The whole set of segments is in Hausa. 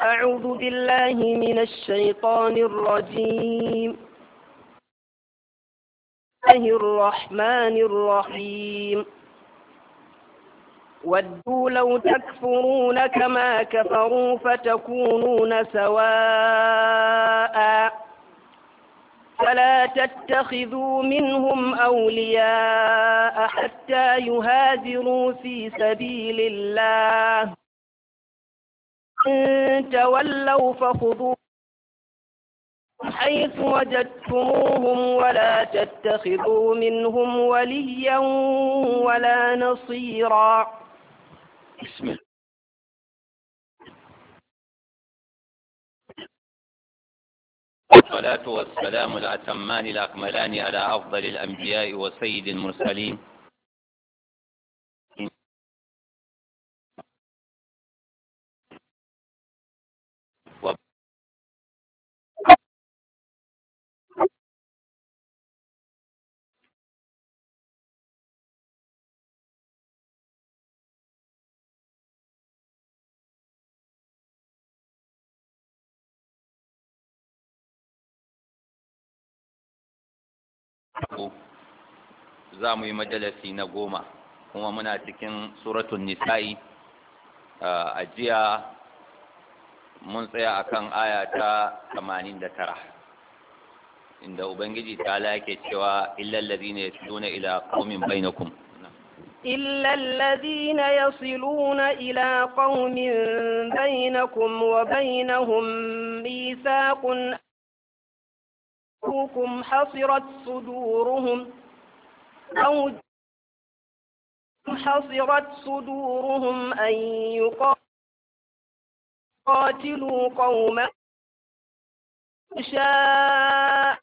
أعوذ بالله من الشيطان الرجيم الله الرحمن الرحيم ودوا لو تكفرون كما كفروا فتكونون سواء فلا تتخذوا منهم أولياء حتى يهاجروا في سبيل الله تولوا فخذوا حيث وجدتموهم ولا تتخذوا منهم وليا ولا نصيرا بسم الله والصلاة والسلام الأتمان الأكملان على أفضل الأنبياء وسيد المرسلين za mu yi majalasi na goma kuma muna cikin suratun nisa'i a jiya mun tsaya akan aya ta 89 inda ubangiji ta yake cewa illal ladina yasluna ila qaumin bainakum إلا الذين يصلون إلى قوم بينكم وبينهم ميثاق أخوكم حصرت صدورهم أو حصرت صدورهم أن يقاتلوا قوما شاء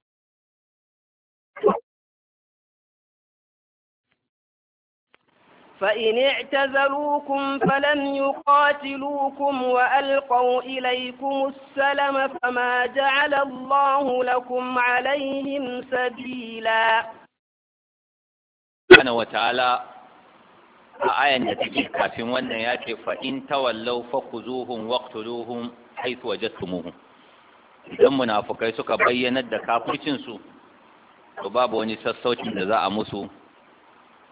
فإن اعتزلوكم فلم يقاتلوكم وألقوا إليكم السلم فما جعل الله لكم عليهم سبيلاً subhanahu wataala a ayan da take kafin wannan ya ce fa in tawallaw fakhuzuhum waqtuluhum haythu wajadtumuhum idan munafukai suka bayyana da kafircin su to babu wani sassaucin da za a musu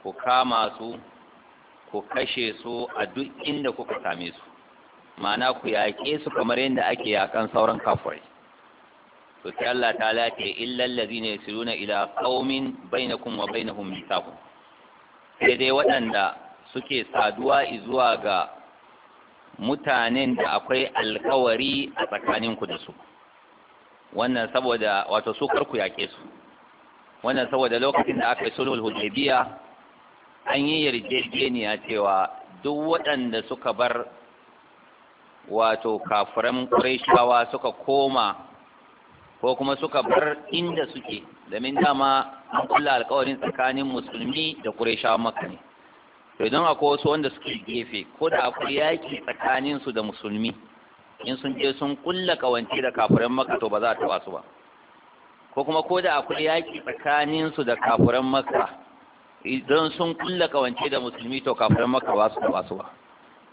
ku kama su ku kashe su a duk inda kuka same su ma'ana ku yaƙe su kamar yadda ake yaƙan sauran kafirai to sai Allah ta lace illal ladina yasiruna ila qaumin bainakum wa bainahum mithaqun sai dai waɗanda suke saduwa zuwa ga mutanen da akwai alkawari a tsakaninku da su wannan saboda wato su karku yaƙe su wannan saboda lokacin da aka yi sulhul hudaybiya an yi yarjejeniya cewa duk waɗanda suka bar wato kafiran ƙurayshawa suka koma ko kuma suka bar inda suke domin dama an kula alkawarin tsakanin musulmi da ƙuresha maka ne to idan akwai wasu wanda suke gefe ko da akwai yaƙi tsakanin su da musulmi in sun je sun kulla kawance da kafuran maka to ba za a taɓa su ba ko kuma ko da akwai yaƙi tsakanin su da kafuran maka idan sun kulla kawance da musulmi to kafuran maka ba su taɓa su ba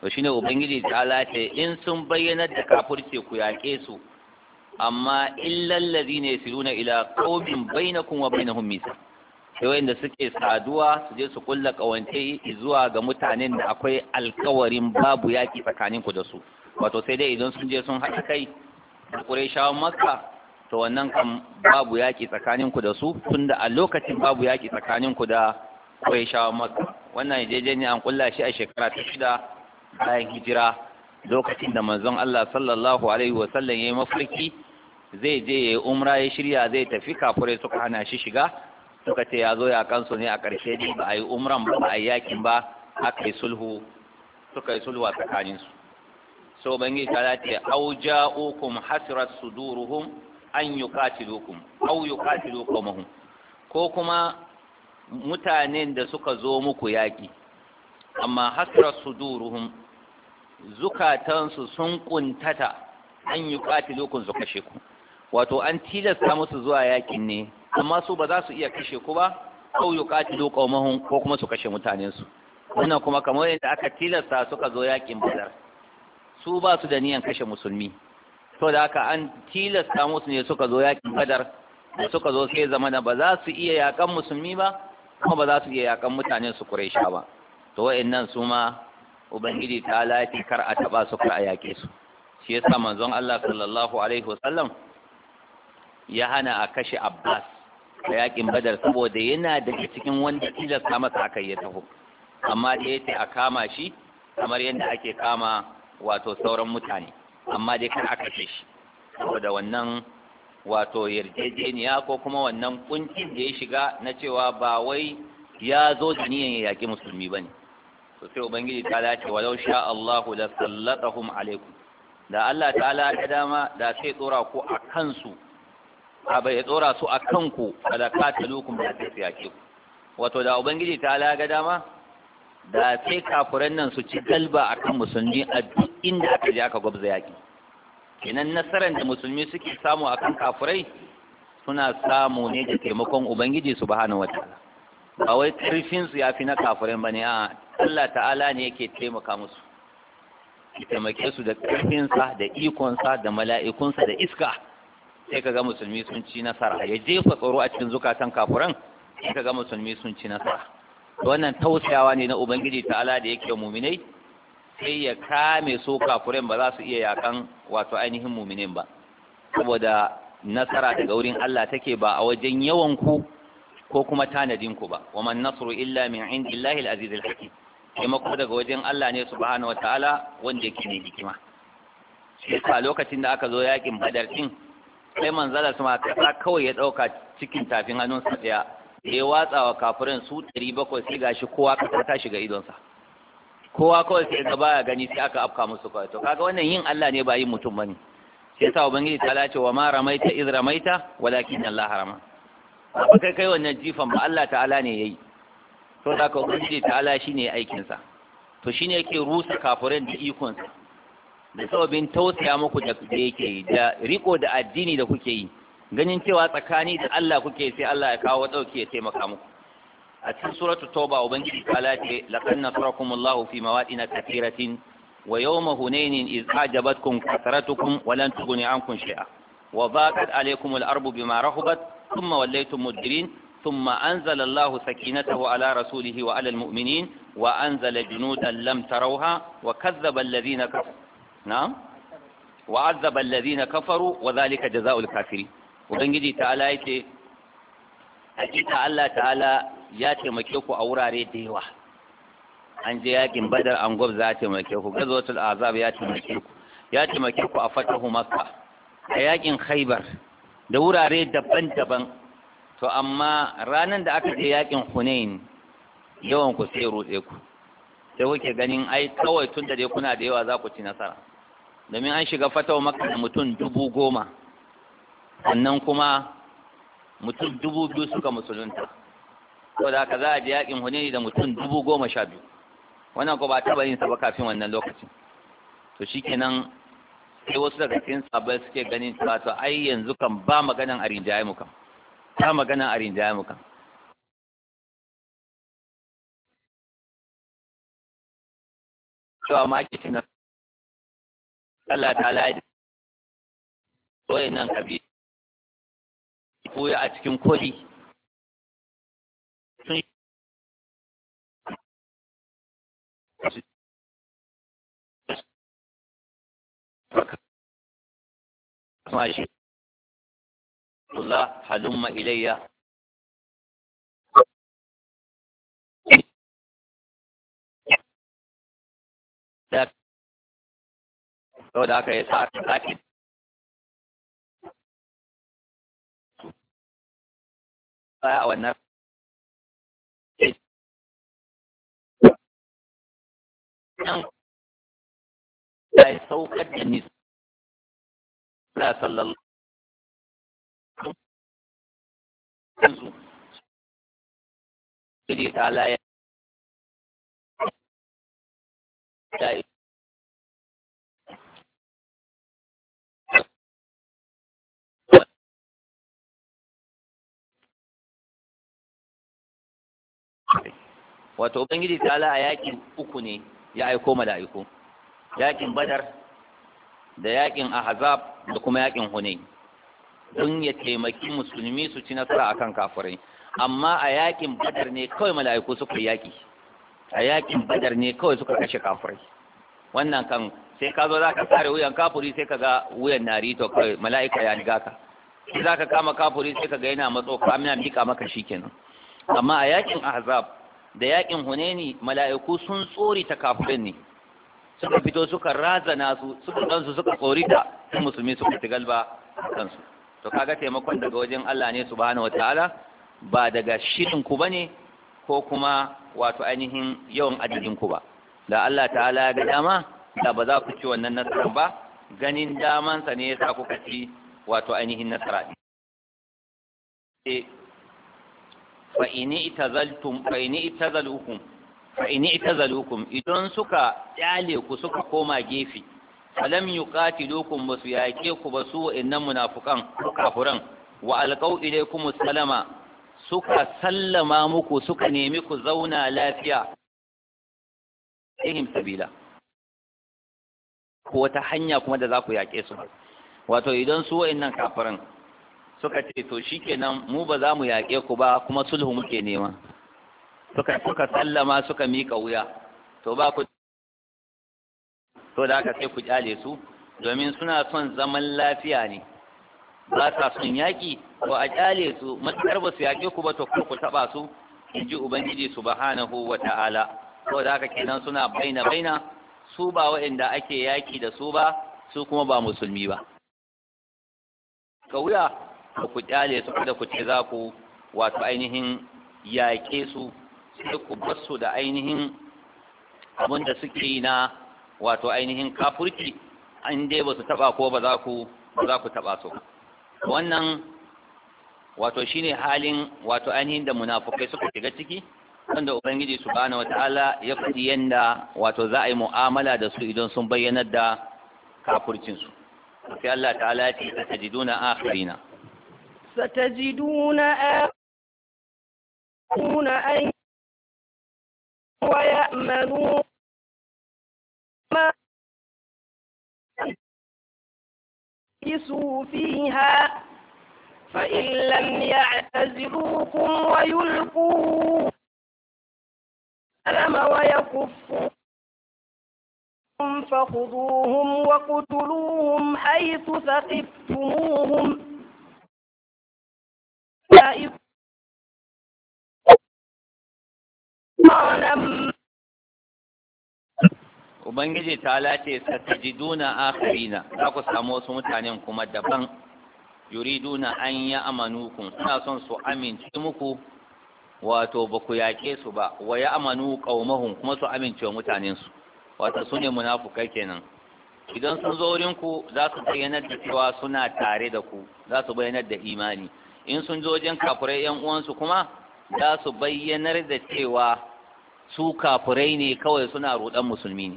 to shine ubangiji ta lace in sun bayyana da kafurce ku yaƙe su amma illal ladina yasiluna ila qaumin bainakum wa bainahum misa sai wanda suke saduwa su je su kulla kawance zuwa ga mutanen da akwai alkawarin babu yaki tsakanin ku da su wato sai dai idan sun je sun haɗa kai da Qurayshawan Makka to wannan kan babu yaki tsakanin ku da su tunda a lokacin babu yaki tsakanin ku da Qurayshawan Makka wannan yarjejeniya an kulla shi a shekara ta shida bayan hijira lokacin da manzon Allah sallallahu alaihi wasallam ya yi mafarki zai je ya yi umra ya shirya zai tafi kafurai suka hana shi shiga suka ce ya zo ya kansu ne a ƙarshe ne ba a yi umran ba a yi yakin ba aka yi sulhu suka yi sulhu a tsakaninsu so yi ta ce au hasirar su duruhun an lokum au lokomahun ko kuma mutanen da suka zo muku yaƙi amma su duruhun zukatansu sun kuntata an yi kati lokun su kashe ku wato an tilasta musu zuwa yakin ne amma su ba za su iya kashe ku ba ko yuqatilu qaumahum ko kuma su kashe mutanen su wannan kuma kamar yadda aka tilasta suka zo yakin badar su ba su da niyan kashe musulmi to da aka an tilasta musu ne suka zo yakin badar da suka zo sai zama da ba za su iya yakan musulmi ba kuma ba za su iya yakan mutanen su quraisha ba to wayannan su ma ubangiji ta lati kar a taba su kar a yake su shi yasa manzon Allah sallallahu alaihi wasallam ya hana a kashe Abbas da yakin Badar saboda yana daga cikin wanda tilasta masa aka ya taho amma da yace a kama shi kamar yadda ake kama wato sauran mutane amma dai kar a kashe shi saboda wannan wato yarjejeniya ko kuma wannan kuncin da ya shiga na cewa ba wai ya zo da niyan ya musulmi ba ne to sai ubangiji ta dace walau sha Allahu la sallatahum alaikum da Allah ta'ala ta dama da sai tsora ko a kansu abai ya tsora su a kanku kada ka talukum da ta fi ake ku wato da ubangiji ta ala ga dama da sai kafuran nan su ci galba akan musulmi a duk inda aka je aka gwabza yaƙi. kenan nasarar da musulmi suke samu akan kafurai suna samu ne da taimakon ubangiji su bahana wata ba wai ƙarfinsu ya fi na kafurai ne a Allah ta'ala ne yake taimaka musu ya taimake su da karfinsa da ikonsa da mala'ikunsa da iska sai ka ga musulmi sun ci nasara ya jefa tsoro a cikin zukatan kafuran sai ka ga musulmi sun ci nasara wannan tausayawa ne na ubangiji ta'ala da yake muminai sai ya kame su kafuran ba za su iya yakan wato ainihin muminin ba saboda nasara daga wurin Allah take ba a wajen yawan ku ko kuma tanadin ku ba wa man nasru illa min indillahi al-aziz al-hakim daga wajen Allah ne subhanahu wataala wanda yake ne hikima shi lokacin da aka zo yakin badar din sai manzala su ma kasa kawai ya ɗauka cikin tafin hannunsa ɗaya ya watsa wa kafirin su ɗari bakwai sai gashi kowa ka ta shiga idonsa kowa kawai sai ga baya gani sai aka afka musu kawai to kaga wannan yin Allah ne ba yin mutum bane sai sa ubangiji ta lace wa ma ramaita iz ramaita walakin Allah harama ba kai kai wannan jifan ba Allah ta'ala ne yayi to da ka ubangiji ta'ala shine aikin sa to shine yake rusa kafirin da ikon sa da sababin tausaya muku da yake da riko da addini da kuke yi ganin cewa tsakani da Allah kuke sai Allah ya kawo dauke ya taimaka muku a cikin suratu tauba ubangiji kala ce laqad nasarakumullahu fi mawadin kathiratin wa yawma hunainin iz ajabatkum kasratukum wa lan tughni ankum shay'a wa daqat alaykum al-ardu bima rahabat thumma wallaytum mudbirin ثم أنزل Wa سكينته على رسوله وعلى المؤمنين وأنزل جنودا لم تروها وكذب الذين كفروا na'am wa azzaba allazina kafaru wa zalika jazaa'ul kafiri ubangiji ta'ala yace hakika Allah ta'ala ya taimake ku a wurare da yawa an je yakin badar an za ya taimake ku gazwatul azab ya taimake ku ya taimake ku a fatahu makka a yakin khaibar da wurare daban-daban to amma ranar da aka je yakin hunain yawan ku sai rutse ku sai kuke ganin ai kawai tun da dai kuna da yawa za ku ci nasara domin an shiga fatawa maka da mutum dubu goma sannan kuma mutum dubu biyu suka musulunta saboda haka za a je yakin hunaini da mutum dubu goma sha biyu wannan ko ba taɓa yin saba ba kafin wannan lokacin to shikenan sai wasu daga cikin sabai suke ganin cewa to ai yanzu kan ba maganan a rinjaye mu kan ba maganan a rinjaye mu kan to amma ake صلى تعالى وين نان كبير ويا اتكين كودي ماشي الله حلم إلي ذاك saboda haka ya sa aka sake baya a wannan ya yi saukar da nisa da sallallahu yanzu ta ya yi wato ubangiji ta'ala a yakin uku ne ya aiko mala'iku yakin badar da yakin ahzab da kuma yakin hunain dun ya taimaki musulmi su ci nasara akan kafirai amma a yakin badar ne kawai mala'iku suka yaki a yakin badar ne kawai suka kashe kafirai wannan kan sai ka zo za ka tsare wuyan kafuri sai ka ga wuyan nari to kawai mala'ika ya riga ka sai za ka kama kafuri sai ka ga yana matso ka amina mika maka shikenan amma a yakin ahzab da yakin hunaini mala'iku sun tsori ta ne suka fito suka razana su suka kansu suka tsori ta musulmi suka ci galba kansu to kaga taimakon daga wajen Allah ne subhanahu wataala ba daga shirin ku bane ko kuma wato ainihin yawan adadin ku ba da Allah ta'ala ya ga dama da ba za ku ci wannan nasarar ba ganin damansa ne ya sa kuka ci wato ainihin nasara eh, fa ini itazaltum fa ini itazalukum fa ini itazalukum idan suka tsale ku suka koma gefe falam yuqatilukum basu yake ku basu wa'innan munafukan kafuran wa alqau ilaykum salama suka sallama muku suka nemi ku zauna lafiya ihim sabila ko ta hanya kuma da za ku yaƙe su wato idan su wa'innan kafiran suka ce to shikenan mu ba za mu yaƙe ku ba kuma sulhu muke nema suka suka sallama suka miƙa wuya to ba ku to da aka sai ku kyale su domin suna son zaman lafiya ne ba sa son yaƙi to a kyale su matuƙar ba su yaƙe ku ba to ku taɓa su in ji ubangiji subhanahu wa ta'ala to da aka kenan suna baina baina su ba waɗanda ake yaƙi da su ba su kuma ba musulmi ba ka wuya ku kyale su da ku ce za ku wato ainihin yake su sai ku bar da ainihin abin da suke na wato ainihin kafurki an dai ba su taɓa ko ba za ku za ku taɓa su wannan wato shine halin wato ainihin da munafukai suka shiga ciki wanda ubangiji subhanahu wataala ya faɗi yanda wato za a yi mu'amala da su idan sun bayyanar da su. sai Allah ta'ala ya ce tajiduna akhirina ستجدون آخرون أن ويأمنون ما فيها فإن لم يعتزلوكم ويلقوا السلام ويكفوا فخذوهم وقتلوهم حيث ثقفتموهم Ubangiji ta lace satajiduna akharina za ku samu wasu mutanen kuma daban duna an yi amanukum suna son su amince muku wato ba ku yaƙe su ba wa ya amanu ƙaumahun kuma su amince wa mutanen su su ne munafukai kenan idan sun zo wurinku za su bayyanar da cewa suna tare da ku za su bayyanar da imani in sun je wajen kafurai yan uwansu kuma za su bayyanar da cewa su kafurai ne kawai suna rudan musulmi ne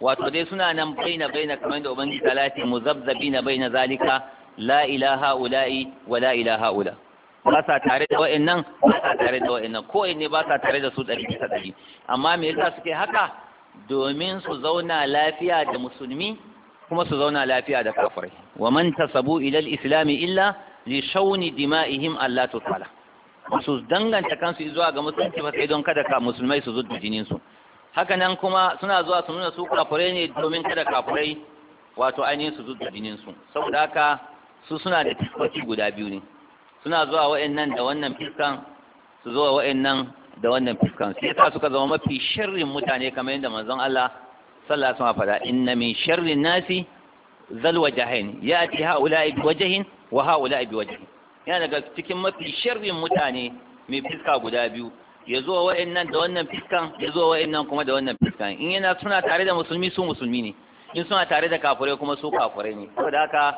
wato dai suna nan baina baina kamar da ubangiji talati muzabzabina baina zalika la ilaha ula'i wa la ilaha ula ba sa tare da wa'annan ba sa tare da wa'annan ko ne ba sa tare da su ɗari bisa ɗari amma me yasa suke haka domin su zauna lafiya da musulmi kuma su zauna lafiya da kafirai wa man tasabu ila al-islam illa li shauni dima'ihim Allah ta'ala su danganta kansu zuwa ga musulunci ba sai don kada ka musulmai su zuddu jinin su haka nan kuma suna zuwa su nuna su kafure ne domin kada kafirai wato ainihin su zuddu jinin su saboda haka su suna da fiskoki guda biyu ne suna zuwa wa'annan da wannan fiskan su zuwa wa'annan da wannan fiskan sai ta suka zama mafi sharrin mutane kamar yadda manzon Allah sallallahu alaihi wasallam faɗa inna min sharrin nasi zal wajahin ya'ti ha'ula'i wajhin wa haula bi wajhi yana daga cikin mafi sharrin mutane mai fiska guda biyu ya zo wa'annan da wannan fiskan ya zo wa'annan kuma da wannan fiskan in yana suna tare da musulmi su musulmi ne in suna tare da kafirai kuma su kafirai ne saboda haka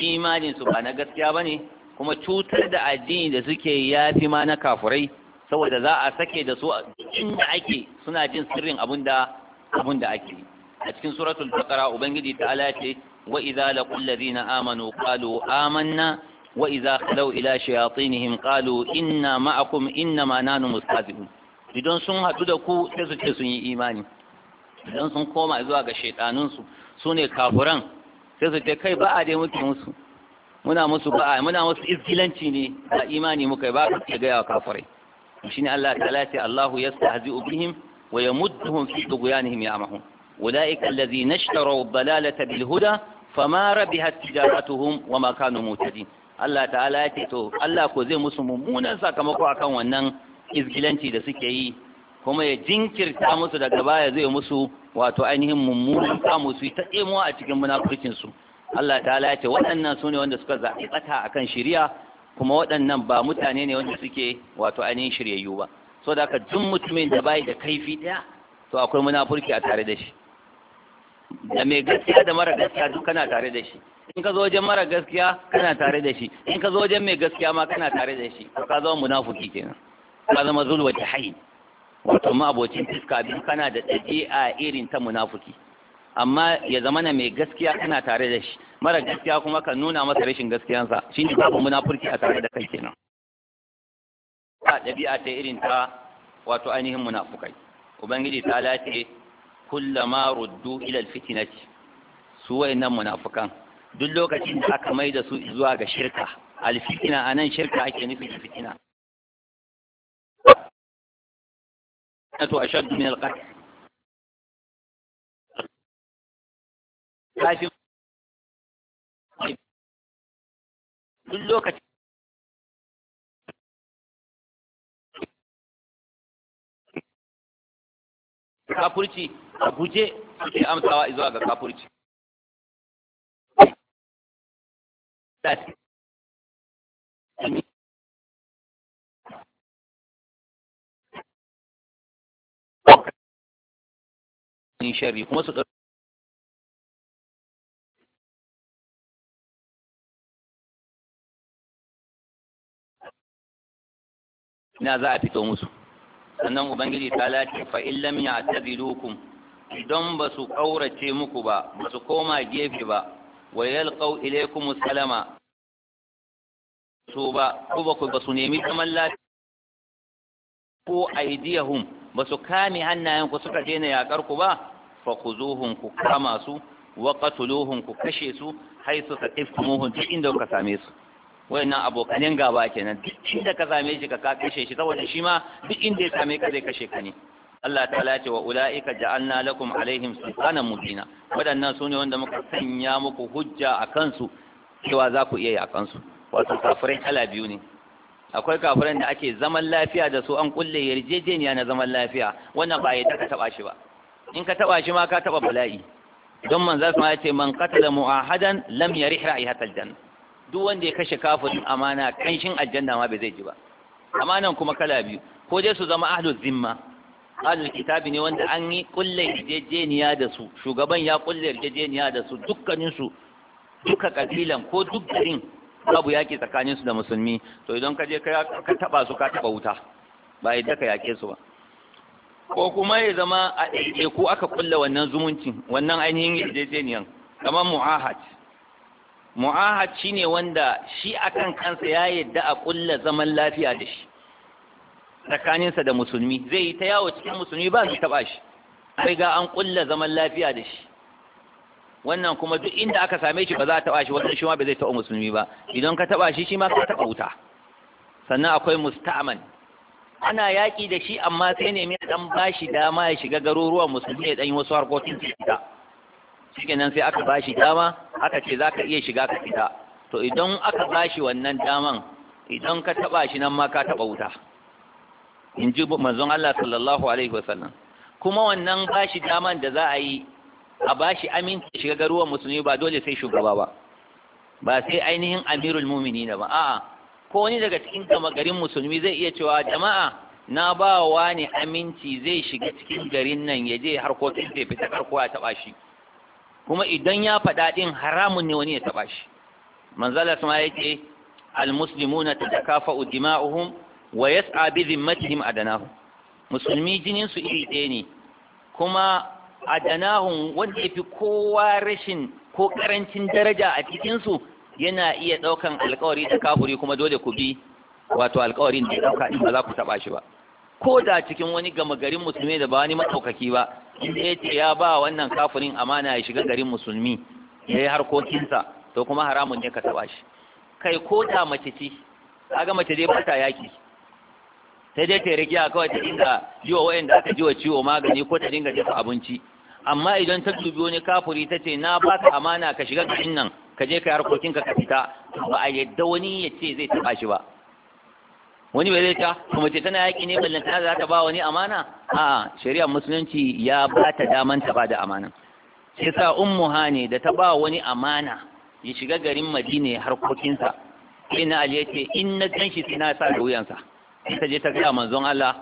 imanin su ba na gaskiya bane kuma cutar da addini da suke yafi ma na kafurai, saboda za a sake da su inda ake suna jin sirrin abunda abunda ake a cikin suratul baqara ubangiji ta'ala ce وإذا لقوا الذين آمنوا قالوا آمنا وإذا خلوا إلى شياطينهم قالوا إنا معكم إنما نحن مستهزئون idan sun haɗu da ku sai su ce sun yi imani idan sun koma zuwa ga shaidanunsu su ne kafuran sai su ce kai ba a dai muke musu muna musu ba'a muna musu izgilanci ne ba imani muka ba ka ce gaya wa kafirai ne Allah ta'ala ya ce Allahu yastahzi'u bihim wa yamudduhum fi tughyanihim ya'mahun أولئك الذين اشتروا الضلالة بالهدى فما ربحت تجارتهم ta'ala ya ce to Allah ko zai musu mummunan sakamako akan wannan izgilanci da suke yi kuma ya jinkirta musu daga baya zai musu wato ainihin mummunan samu su ta ɗemuwa a cikin munafurcin su ta'ala ya ce waɗannan su ne wanda suka zaɓi ɓata akan shiriya kuma waɗannan ba mutane ne wanda suke wato ainihin shiryayyu ba so da haka mutumin da bai da kaifi ɗaya to akwai munafurci a tare da shi da mai gaskiya da mara gaskiya duk kana tare da shi in ka zo wajen mara gaskiya kana tare da shi in ka zo wajen mai gaskiya ma kana tare da shi ka zama munafiki kenan ka zama zulwa ta hayi wato ma abocin fiska biyu kana da ɗabi'a irin ta munafiki amma ya zama na mai gaskiya kana tare da shi mara gaskiya kuma ka nuna masa rashin gaskiyansa shi ne babu munafurki a tare da kai kenan ɗabi'a ta irin ta wato ainihin munafukai ubangiji ta lace kullama ruddu ila alfitnati su wayannan munafikan duk lokacin da aka maida su zuwa ga shirka fitina anan shirka ake nufi da fitina to ashad min alqatl kafin duk lokacin kafurci a guje suke amsawa izuwa ga kafurci shari za a fito musu sannan ubangiji ta lati fa illam ya'tabilukum idan ba su kaurace muku ba ba su koma gefe ba wa yalqau ilaykum salama su ba ko ba ku ba su nemi zaman lafiya ko aidiyahum ba su kame hannayen ku suka daina yakar ku ba fa khuzuhum ku kama su wa qatuluhum ku kashe su haythu taqiftumuhum duk inda kuka same su wayannan abokanin gaba kenan duk inda ka same shi ka kashe shi saboda shi ma duk inda ya same ka zai kashe ka ne Allah ta'ala ce wa ula'ika ja'alna lakum alaihim sultanan mubina waɗannan sune wanda muka sanya muku hujja a kansu cewa za ku iya yi a kansu wato kafirai kala biyu ne akwai kafiran da ake zaman lafiya da su an kulle yarjejeniya na zaman lafiya wannan ba yadda ka taba shi ba in ka taba shi ma ka taba bala'i don man za su ma ya ce man katala mu'ahadan lam yarih ra'ihatal janna duk wanda ya kashe kafirin amana kanshin aljanna ma bai zai ji ba amanan kuma kala biyu ko dai su zama ahlul zimma ahlul kitabi ne wanda an yi kulle jejeniya da su shugaban ya kulle jejeniya da su dukkanin su duka kabilan ko duk garin babu yaki tsakanin su da musulmi to idan ka je ka taba su ka taba wuta ba yadda ka yake su ba ko kuma ya zama a ɗaiɗaiku aka kulla wannan zumuncin wannan ainihin yajejeniyan kamar mu'ahad mu'ahad shi ne wanda shi akan kansa ya yadda a kulla zaman lafiya da shi tsakaninsa da musulmi zai yi ta yawo cikin musulmi ba su taba shi sai ga an kulla zaman lafiya da shi wannan kuma duk inda aka same shi ba za a taba shi wannan shi ma ba zai taba musulmi ba idan ka taba shi shi ma ka taba wuta sannan akwai musta'man ana yaki da shi amma sai ne mai dan bashi dama ya shiga garuruwan musulmi ya dan yi wasu harkokin fita shikenan sai aka bashi dama aka ce zaka iya shiga ka fita to idan aka bashi wannan daman idan ka taba shi nan ma ka taba wuta in ji manzon Allah sallallahu alaihi wasallam kuma wannan bashi daman da za a yi a bashi aminci shiga garuwan musulmi ba dole sai shugaba ba ba sai ainihin amirul mu'minin ba a'a ko wani daga cikin gama garin musulmi zai iya cewa jama'a na ba wa ne aminci zai shiga cikin garin nan ya je harkokin da fita karko ya taba shi kuma idan ya faɗa ɗin haramun ne wani ya taɓa shi manzala sama ya ce almuslimuna tatakafa'u dima'uhum wa yas'a bi zimmatihim adanahum musulmi jinin su iri ɗaya ne kuma adanahum wanda fi kowa rashin ko karancin daraja a cikinsu, yana iya ɗaukan alƙawari da kafuri kuma dole ku bi wato alƙawarin da ya ɗauka ba za ku taɓa shi ba ko da cikin wani gama garin musulmi da ba wani matsaukaki ba inda ya ce ya ba wannan kafirin amana ya shiga garin musulmi ya yi harkokinsa to kuma haramun ne ka taɓa shi kai ko da mace ce ga mace dai bata yaki sai dai ta rikiya kawai ta dinga yi wa da aka ji wa ciwo magani ko ta dinga dafa abinci amma idan ta dubi wani kafuri ta ce na baka amana ka shiga garin nan ka je ka yi harkokinka ka fita ba a yadda wani ya ce zai taɓa shi ba wani bai zai ta kuma ce tana yaƙi ne na za ta ba wani amana a shari'ar musulunci ya ba ta daman ta ba da amana sai sa ummu hane da ta ba wani amana ya shiga garin madina ya harkokinsa sai na ali ce in na san shi sai na sa da wuyansa ta je ta gaya manzon Allah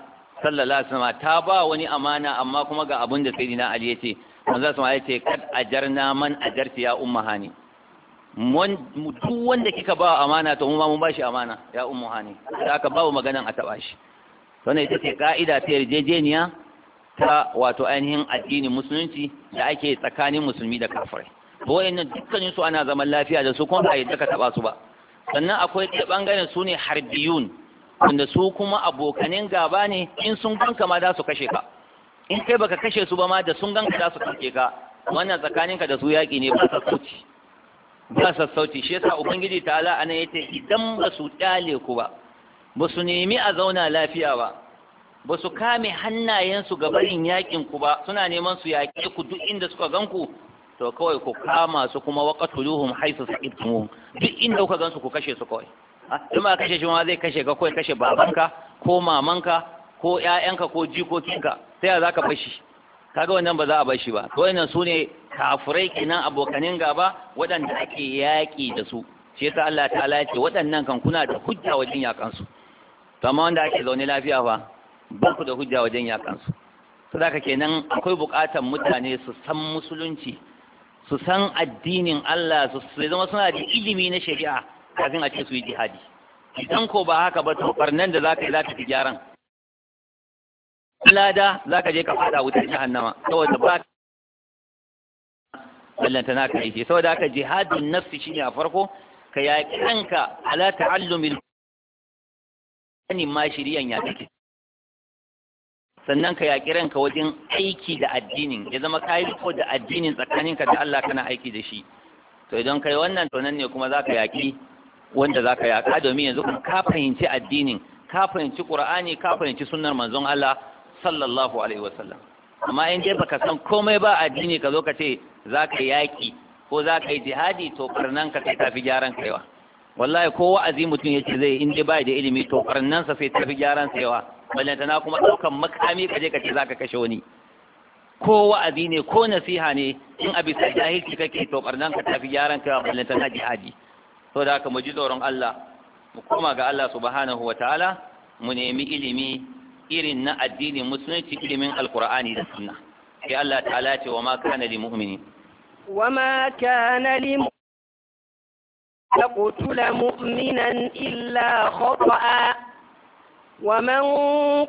sallallahu alaihi wasallam ta ba wani amana amma kuma ga abin da na aliyar ce manzon Allah ya ce kad ajarna man ajarti ya ummu hane duk wanda kika ba amana to mu ma mun bashi amana ya ummu hani da aka babu maganan a taba shi wannan ita ce ka'ida ta yarjejeniya ta wato ainihin addinin musulunci da ake tsakanin musulmi da kafirai to wayannan dukkanin su ana zaman lafiya da su kuma ba yadda ka taba su ba sannan akwai ta bangaren su ne harbiyun wanda su kuma abokanin gaba ne in sun ganka ma za su kashe ka in kai baka kashe su ba ma da sun ganka za su kashe ka wannan tsakaninka da su yaƙi ne ba sassauci ba sassauci shi yasa ubangiji ta'ala ya ce idan ba su kyale ku ba ba su nemi a zauna lafiya ba ba su kame hannayensu ga barin yakin ku ba suna neman su yaƙe ku duk inda suka gan ku to kawai ku kama su kuma waqatuluhum haythu saqibtum duk inda kuka gan su ku kashe su kawai ah, in ma kashe shi ma zai kashe ka kawai kashe babanka ko mamanka ko ƴaƴanka ko jikokinka sai ya zaka bashi kaga wannan ba za a bashi ba to wannan sune kafurai kenan abokanin gaba waɗanda ake yaƙi da su shi yasa Allah ta'ala ya ce waɗannan kan kuna da hujja wajen yakan su to amma wanda ake zaune lafiya fa ba ku da hujja wajen yakan su saboda kenan akwai buƙatar mutane su san musulunci su san addinin Allah su zama suna da ilimi na shari'a kafin a ce su yi jihadi idan ko ba haka ba to barnan da zaka yi zaka fi gyaran lada za ka je ka fada wutar jahannama saboda ba ballanta na kai shi saboda haka jihadin nafsi shine a farko ka ya kanka ala ta'allumil sanin ma shiriyan ya take sannan ka ya ranka wajen aiki da addinin ya zama kai ko da addinin tsakaninka da Allah kana aiki da shi to idan kai wannan to nan ne kuma ka yaki wanda ka yaka domin yanzu ka fahimci addinin ka fahimci Qur'ani ka fahimci sunnar manzon Allah sallallahu alaihi wasallam amma in dai baka san komai ba addini ka zo ka ce za ka yaƙi ko za ka yi jihadi to karnan ka kai tafi gyaran kaiwa wallahi ko wa'azi mutum ce, zai in dai bai da ilimi to karnan sa sai tafi gyaran kaiwa ballanta na kuma ɗaukan makami ka je ka ce za ka kashe wani ko wa'azi ne ko nasiha ne in a bisa jahilci kake to karnan ka tafi gyaran kaiwa ballanta na jihadi to da haka mu ji tsoron Allah mu koma ga Allah subhanahu wataala mu nemi ilimi irin na addini musulunci ilimin alkur'ani da sunna sai Allah ta'ala ce wa ma kana lil mu'mini wa ma kana lil يقتل مؤمنا إلا خطأ ومن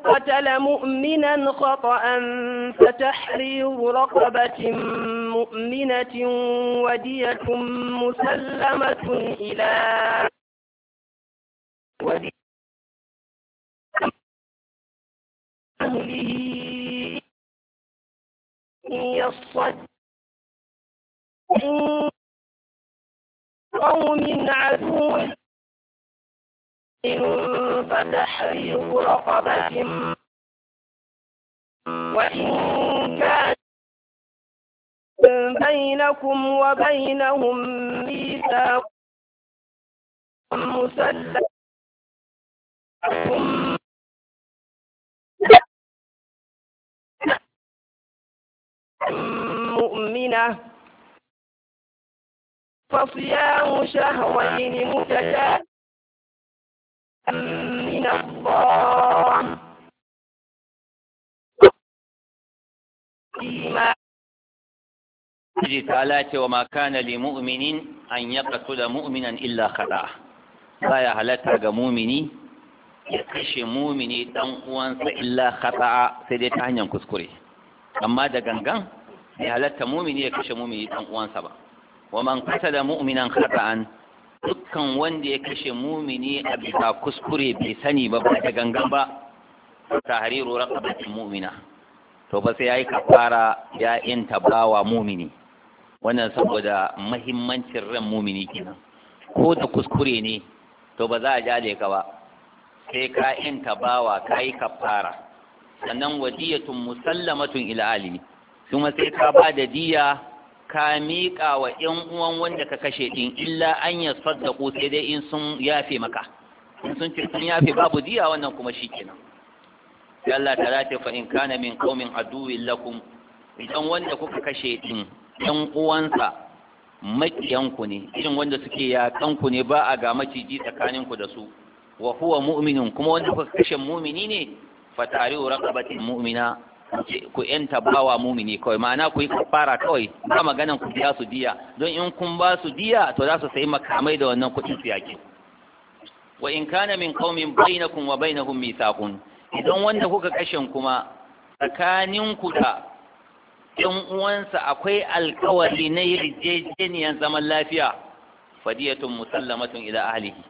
قتل مؤمنا خطأ فتحرير رقبة مؤمنة ودية مسلمة إلى ودية أهله يصد أو من عدو فتحرير رقبة وإن كان بينكم وبينهم ميثاق مسلم مؤمنة فصيام شهرين متتابعين من الله Ubangiji ta'ala ce wa makana li mu'minin an ya kasu da mu'minan illa kada ba ya halatta ga mumini ya kashe mumini ɗan uwansa illa kada sai dai ta hanyar kuskure. amma da gangan ya halatta mumini ya kashe mumini dan uwansa ba wa man qatala mu'minan khata'an dukkan wanda ya kashe mumini a bisa kuskure bai sani ba ba da gangan ba tahriru raqabati mu'mina to ba sai yayi kafara ya inta bawa mumini wannan saboda mahimmancin ran mumini kenan ko da kuskure ne to ba za a jale ka ba sai ka inta bawa kai kafara sannan wadiyatun musallamatun tun ilalini, kuma sai ka ba da diya ka miƙa wa ‘yan uwan wanda ka kashe ɗin illa an yi saddaƙo sai dai in sun yafe maka in sun ce sun yafe babu diya wannan kuma shi kenan sai Allah ta lati fa in kana min qaumin aduwwin lakum idan wanda kuka kashe ɗin ɗan uwansa makiyanku ne irin wanda suke yaƙanku ne ba a ga maciji tsakaninku da su wa huwa mu'minun kuma wanda kuka kashe mu'mini ne wa rakabatin mu'mina ku yanta bawa mumini kawai ma'ana ku yi kafara kawai ba maganan ku biya su diya don in kun ba su diya to za su sayi makamai da wannan kuɗin su yaƙi wa in kana min qaumin bainakum wa bainahum mithaqun idan wanda kuka kashin kuma tsakanin ku da ɗan uwansa akwai alƙawari na yarjejeniyar zaman lafiya fadiyatun musallamatun ila ahlihi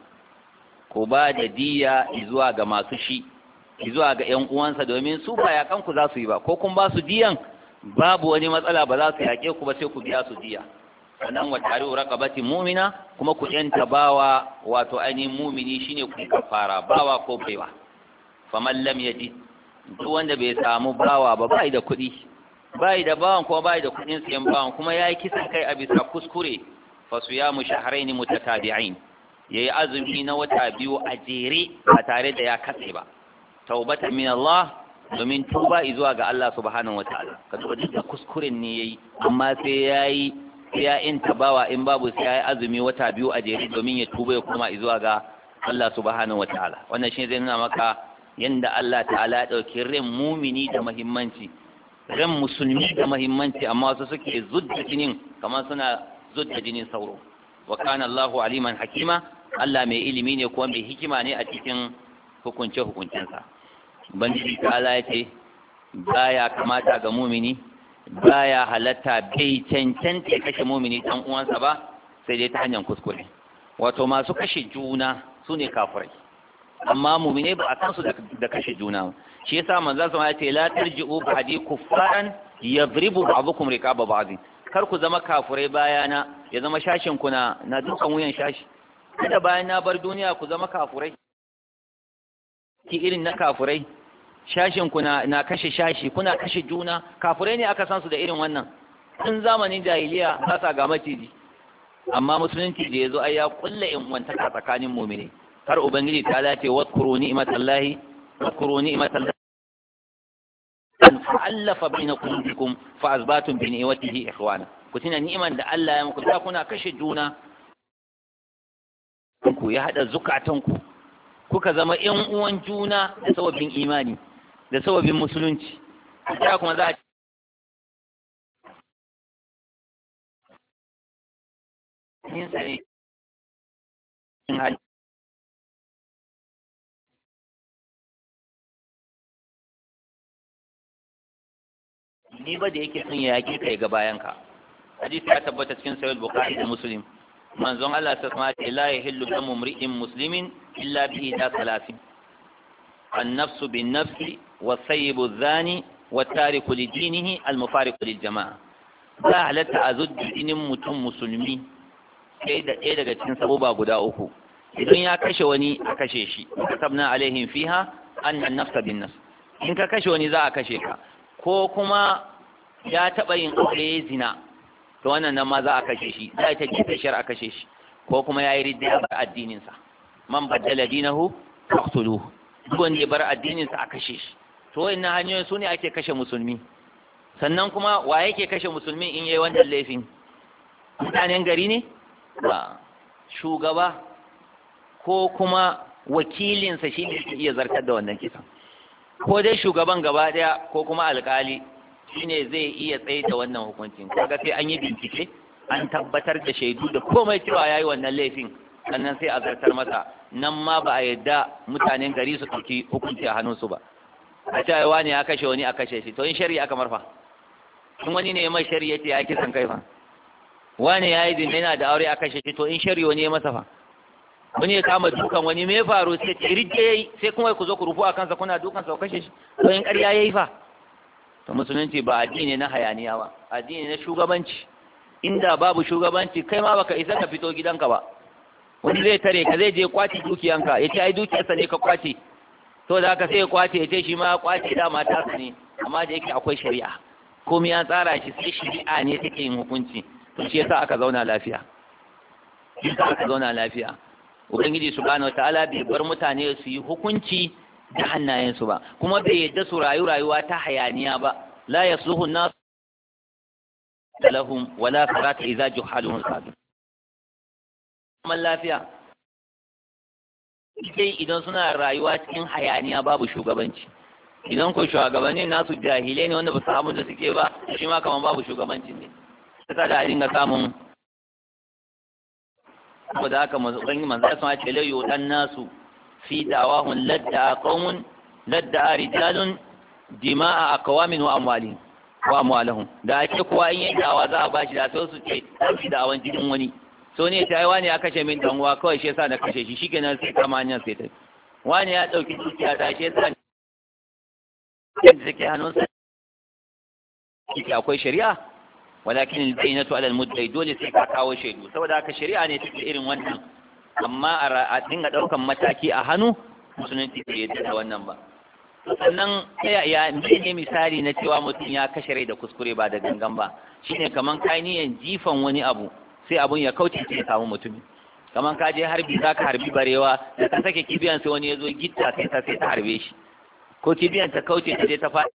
ku ba da diya zuwa ga masu shi Ki zuwa ga ‘yan uwansa domin su ba yakan ku za su yi ba ko kun ba su diyan babu wani matsala ba za su yaƙe ku ba sai ku biya su diya sannan wa tare wa raqabati mu'mina kuma ku ƴanta bawa wato ainihin mu'mini shine ku kafara bawa ko baiwa faman lam ji duk wanda bai samu bawa ba bai da kuɗi bai da bawan kuma bai da kuɗin siyan bawan kuma ya yi kisan kai a bisa kuskure fa su siyamu shahrayn mutatabi'ain yi azumi na wata biyu a jere ba tare da ya katse ba Taubata min Allah domin tuba zuwa ga Allah subhanahu wataala ka duba duk kuskuren ne yayi amma sai yayi sai ya in tabawa in babu sai yayi azumi wata biyu a jere domin ya tuba ya koma zuwa ga Allah subhanahu wataala wannan shi zai nuna maka yanda Allah ta'ala ya dauki ran mumini da muhimmanci ran musulmi da muhimmanci amma wasu suke zudda jinin kamar suna zudda jinin sauro wa kana Allahu aliman hakima Allah mai ilimi ne kuma mai hikima ne a cikin hukunce hukuncensa ubangiji ta'ala ya ce baya kamata ga mumini baya halatta bai cancanta ya kashe mumini dan uwansa ba sai dai ta hanyar kuskure wato masu kashe juna su ne kafirai amma mumine ba a san su da kashe juna shi yasa manzo sama ya ce la tarji'u ba'di kuffaran yadribu ba'dukum ba ba'd kar ku zama kafirai bayana ya zama shashin ku na na dukan wuyan shashi kada bayan na bar duniya ku zama kafurai ki irin na kafurai shashin ku na kashe shashi kuna kashe juna kafurai ne aka san su da irin wannan tun zamanin jahiliya ba sa ga maciji amma musulunci da yazo ai ya kulla in ka tsakanin mu'mini har ubangiji ta lace wadkuru ni'matallahi wadkuru ni'matallahi an fa'allafa baina qulubikum fa azbatum bi ni'matihi ikhwana ku tuna ni'iman da Allah ya muku da kuna kashe juna ku ya hada zukatanku kuka zama ƴan uwan juna da sababin imani da sababin musulunci ya kuma za a yin ni ba da yake sun yaƙi kai ga bayanka hadisi ya tabbata cikin sahih bukhari da muslim manzon Allah ta sama ce la yahillu damu mri'in muslimin illa bihi da An bin wa salasin النفس بالنفس والسيب الزاني والتارك لدينه المفارق jama'a. za halatta a zuddu jinin mutum musulmi sai da ɗaya daga cikin sabuba guda uku idan ya kashe wani a kashe shi kasabna alaihim fiha an nan nafsa bin nas in ka kashe wani za a kashe ka ko kuma ya taɓa yin aure zina to wannan nan ma za a kashe shi za a ta gefe shar a kashe shi ko kuma ya yi ya bar addininsa man baddala dinahu faqtulu duk wanda ya bar addininsa a kashe shi to wannan hanyoyin su ne ake kashe musulmi sannan kuma wa yake kashe musulmi in yayi wannan laifin mutanen gari ne ba shugaba ko kuma wakilinsa shi ne iya zartar da wannan kisan ko dai shugaban gaba daya ko kuma alkali shine zai iya tsaye da wannan hukuncin kaga sai an yi bincike an tabbatar da shaidu da komai cewa yayi wannan laifin sannan sai a zartar masa nan ma ba a yadda mutanen gari su ɗauki hukunci a hannunsu ba a cewa wani ya kashe wani a kashe shi to in shari'a kamar fa in wani ne mai shari'a ce ya kisan kai fa wani ya yi yana da aure a kashe shi to in shari'a wani ya masa fa wani ya kama dukan wani me faru sai ce ya yi, sai kuma ku zo ku rufu a kansa kuna dukan sa kashe shi to in ƙarya yayi fa to musulunci ba addini na hayaniya ba addini na shugabanci inda babu shugabanci kai ma baka isa ka fito gidanka ba wani zai tare ka zai je kwace dukiyanka ya ce ai dukiyarsa ne ka kwace to da haka sai kwati kwace ya ce shi ma ya da mata su ne amma da yake akwai shari'a komai ya tsara shi sai shari'a ne take yin hukunci to shi yasa aka zauna lafiya yasa aka zauna lafiya ubangiji subhanahu wataala bai bar mutane su yi hukunci da hannayensu ba kuma bai yadda su rayu rayuwa ta hayaniya ba la yasluhu nas lahum wala farata idza juhaluhum sadu man lafiya sai idan suna rayuwa cikin hayaniya babu shugabanci idan ko shugabanni nasu jahilai ne wanda ba su abin da suke ba shi ma kamar babu shugabanci ne saka da dinga samun da haka manzo manzo sai ce layu dan nasu fi da'awahum ladda'a qaumun ladda'a rijalun dima'a aqwamin wa amwalihim wa amwalahum da ake kuwa in yi da'awa za a bashi da sai su ce an fi da'awan jinin wani so ne ta yi wani ya kashe min dan uwa kawai shi sa na kashe shi shikenan sai kama hanyar sai ta wani ya dauki dukiya ta shi yasa yadda take hannunsa akwai shari'a walakin albayyinatu ala almudda'i dole sai ka kawo shaidu saboda haka shari'a ne take irin wannan amma a dinga ɗaukan mataki a hannu musulunci ke yadda da wannan ba sannan ya ya ne misali na cewa mutum ya kashe rai da kuskure ba da gangan ba shine kaman ka niyan jifan wani abu sai abun ya kauce ya samu mutum kaman ka je harbi za ka harbi barewa da ka sake kibiyan sai wani ya zo gitta sai ta sai ta harbe shi ko kibiyan ta kauce ta je ta faɗi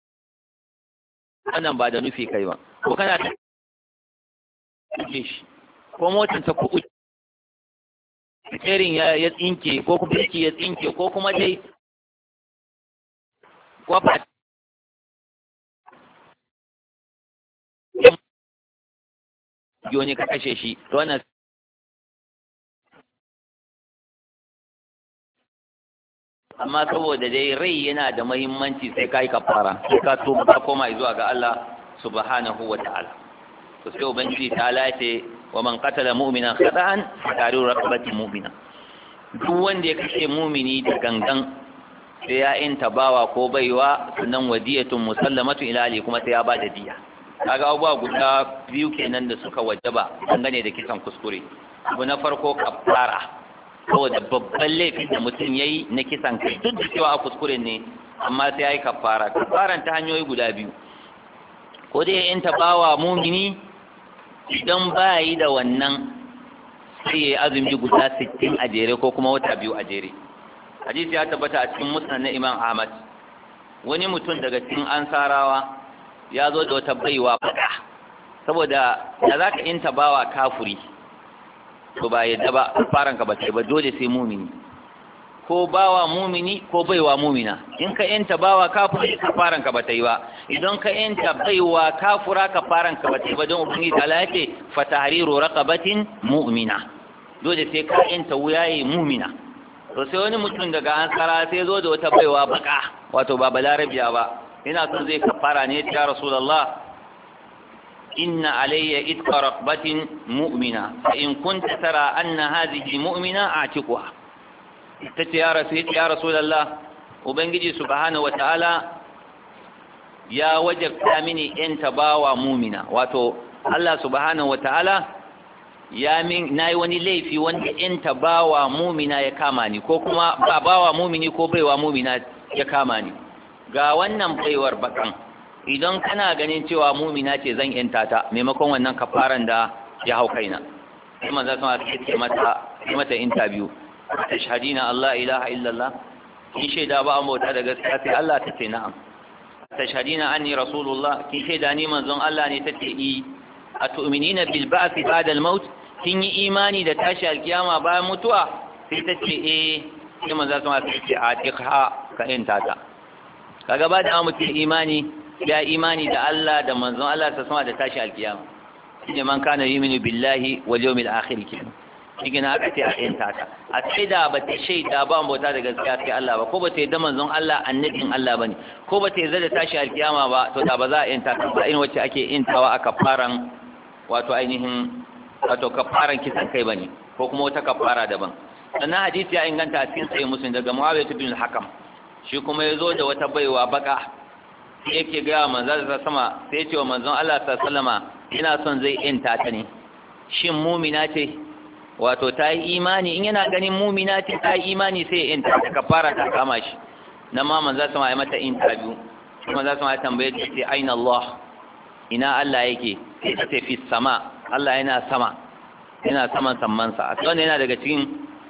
wannan ba da nufi kai ba ko kana ta ko motan ta kuɓuce tserin ya tsinke ko kuma birki ya tsinke ko kuma dai kwafa yoni ka kashe shi to wannan amma saboda dai rai yana da mahimmanci sai ka yi kafara sai ka tuba ka koma zuwa ga Allah subhanahu wa ta'ala to sai ubangiji ta lafe wa man qatala mu'mina khata'an fataru raqabati mu'mina duk wanda ya kashe mumini da gangan sai ya inta bawa ko baiwa sannan wadiyatun musallamatu ila ali kuma sai ya ba da diya kaga abubuwa guda biyu kenan da suka wajaba dangane da kisan kuskure abu na farko kafara saboda babban laifin da mutum yayi na kisan kai duk da cewa a kuskure ne amma sai ya yi kafara kafaran ta hanyoyi guda biyu ko dai ya inta bawa mumini idan ba yi da wannan sai ya yi azumi guda sittin a jere ko kuma wata biyu a jere hadisi ya tabbata a cikin musnad na imam ahmad wani mutum daga cikin ansarawa ya zo da wata baiwa fada saboda da za ka inta bawa kafuri to ba yadda ba faranka ba sai ba dole sai mumini ko bawa mumini ko baiwa mumina in ka yanta bawa kafura kafaran ka bata yi ba idan ka yanta baiwa kafura kafaran ka bata yi ba don ubangiji ta lace fa tahriru raqabatin mu'mina dole sai ka yanta wuyaye mumina to sai wani mutum daga ansara sai zo da wata baiwa baka wato ba balarabiya ba ina so zai kafara ne ya rasulullah inna alayya itqa raqabatin mu'mina fa in kunta tara anna hadhihi mu'mina atiquha ta ce ya Allah ubangiji subhanahu ta’ala ya wajabta mini yan tabawa mumina wato Allah subhanahu ta’ala ya min nayi wani laifi wanda yan tabawa mumina ya kama ni ko kuma ba bawa mumini ko baiwa mumina ya kama ni ga wannan baiwar bakan idan kana ganin cewa mumina ce zan yanta ta maimakon wannan kafaran da ya hau kaina kuma za sama sai mata mata interview tashhadina Allah ilaha illallah kin shaida ba amma da gaskiya sai Allah ta ce na'am tashhadina anni rasulullah kin shaida ni manzon Allah ne tace i atu'minina bil ba'th ba'da al maut kin yi imani da tashi alkiyama bayan mutuwa sai tace eh sai manzon Allah ta ce atiqha ka inta ta kaga ba da mutum imani ya imani da Allah da manzon Allah ta sama da tashi alkiyama shine man kana yuminu billahi wal yawmil akhir kenan na aka ce a yanta ta a sai da ba ta shaida ba bauta da gaskiya sai Allah ba ko ba ta yi da manzon Allah annabin Allah bane ko ba ta yi da tashi alkiyama ba to da ba za a yin ta ba in wacce ake tawa a kafaran wato ainihin wato kafaran kisan kai bane ko kuma wata kafara daban sannan hadisi ya inganta a cikin sai musulmi daga Muawiya bin al-Hakam shi kuma yazo da wata baiwa baka sai yake ga manzon Allah sama sai ya ce wa manzon Allah sallallahu alaihi wasallama ina son zai yin ta ne shin mumina ce wato ta yi imani in yana ganin mumina ce ta yi imani sai in ta kafara ta kama shi nan ma manzo sama ya mata interview kuma za su ma tambaye ta ce aina Allah ina Allah yake sai ta ce fi sama Allah yana sama yana saman sammansa a wannan yana daga cikin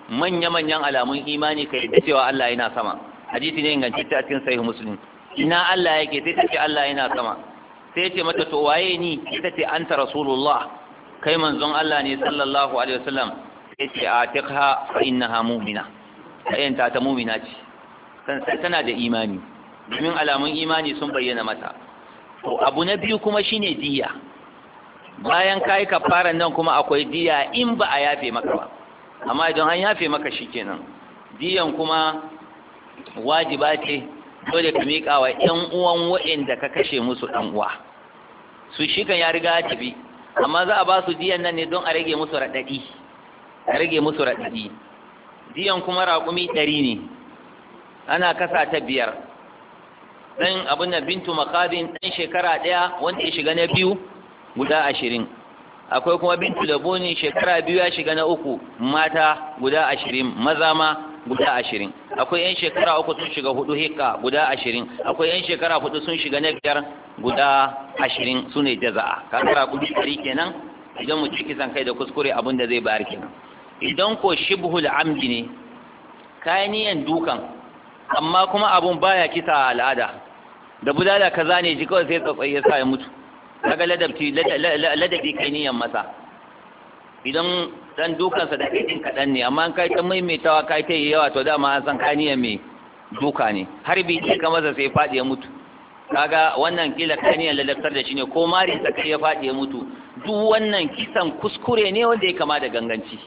manya-manyan alamun imani kai da cewa Allah yana sama hadisi ne ingantacce ta cikin sahih muslim ina Allah yake sai ta ce Allah yana sama sai ya ce mata to waye ni sai ta ce anta rasulullah kai manzon Allah ne sallallahu alaihi wasallam sai ce a tiqha fa innaha mu'mina ta ta mu'mina ce sai tana da imani domin alamun imani sun bayyana mata to abu na biyu kuma shine diya bayan kai kafaran nan kuma akwai diya in ba a yafe maka ba amma idan an yafe maka shikenan diyan kuma wajiba ce dole ka miƙa wa ƴan uwan waɗanda ka kashe musu ɗan uwa su shi kan ya riga ya tafi amma za a ba su diyan nan ne don a rage musu raɗaɗi a rage musu raɗaɗi diyan kuma raƙumi ɗari ne ana kasa ta biyar ɗan abin da bintu makabin ɗan shekara ɗaya wanda ya shiga na biyu guda ashirin akwai kuma bintu da boni shekara biyu ya shiga na uku mata guda ashirin maza ma guda ashirin akwai yan shekara uku sun shiga hudu hika. guda ashirin akwai yan shekara hudu sun shiga na biyar guda ashirin su ne jaza'a kakara kudi ɗari kenan idan mu ciki san kai da kuskure abin da zai bayar kenan idan ko shibhul amdi ne 'yan dukan amma kuma abun baya kisa al'ada da budala kaza ne ji kawai sai tsatsai ya sa ya mutu kaga ladabti ladabi 'yan masa idan dan dukansa da idin kaɗan ne amma kai ta maimaitawa kai ta yi yawa to dama an san kaniya mai duka ne harbi ne ka masa sai faɗi ya mutu kaga wannan kila kaniya ladabtar da shi ne ko mari kai ya faɗi ya mutu duk wannan kisan kuskure ne wanda ya kama da ganganci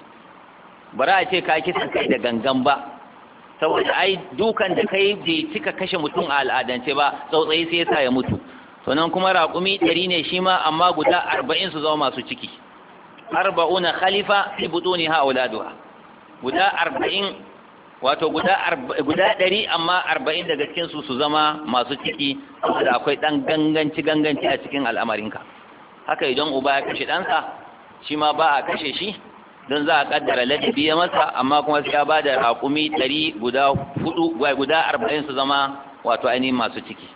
bara a ce ka kisan kai da gangan ba saboda ai dukan da kai bai cika kashe mutum a al'adance ba tsautsayi sai ya sa ya mutu sannan kuma raƙumi ɗari ne shi ma amma guda arba'in su zama masu ciki arba'una khalifa fi butuniha auladuha guda arba'in wato guda guda ɗari amma arba'in daga cikin su su zama masu ciki saboda akwai ɗan ganganci ganganci a cikin al'amarinka haka idan uba ya kashe ɗansa shi ma ba a kashe shi don za a kaddara ladabi ya masa amma kuma sai ya ba da raƙumi ɗari guda hudu guda arba'in su zama wato ainihin masu ciki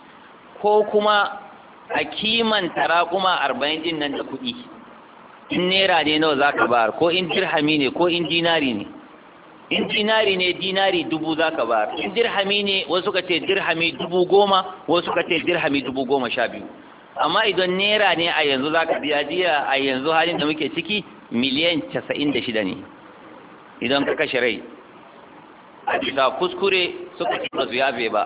ko kuma a kimanta raƙuma arba'in din nan da kuɗi in naira ne nawa za ka bayar ko in dirhami ne ko in dinari ne in dinari ne dinari dubu za ka bayar in dirhami ne wasu ka ce dirhami dubu goma wasu ka ce dirhami dubu goma sha biyu amma idan naira ne a yanzu za ka biya jiya a yanzu halin da muke ciki miliyan casa'in da shida ne idan ka kashe rai a bisa kuskure suka ce ba su yafe ba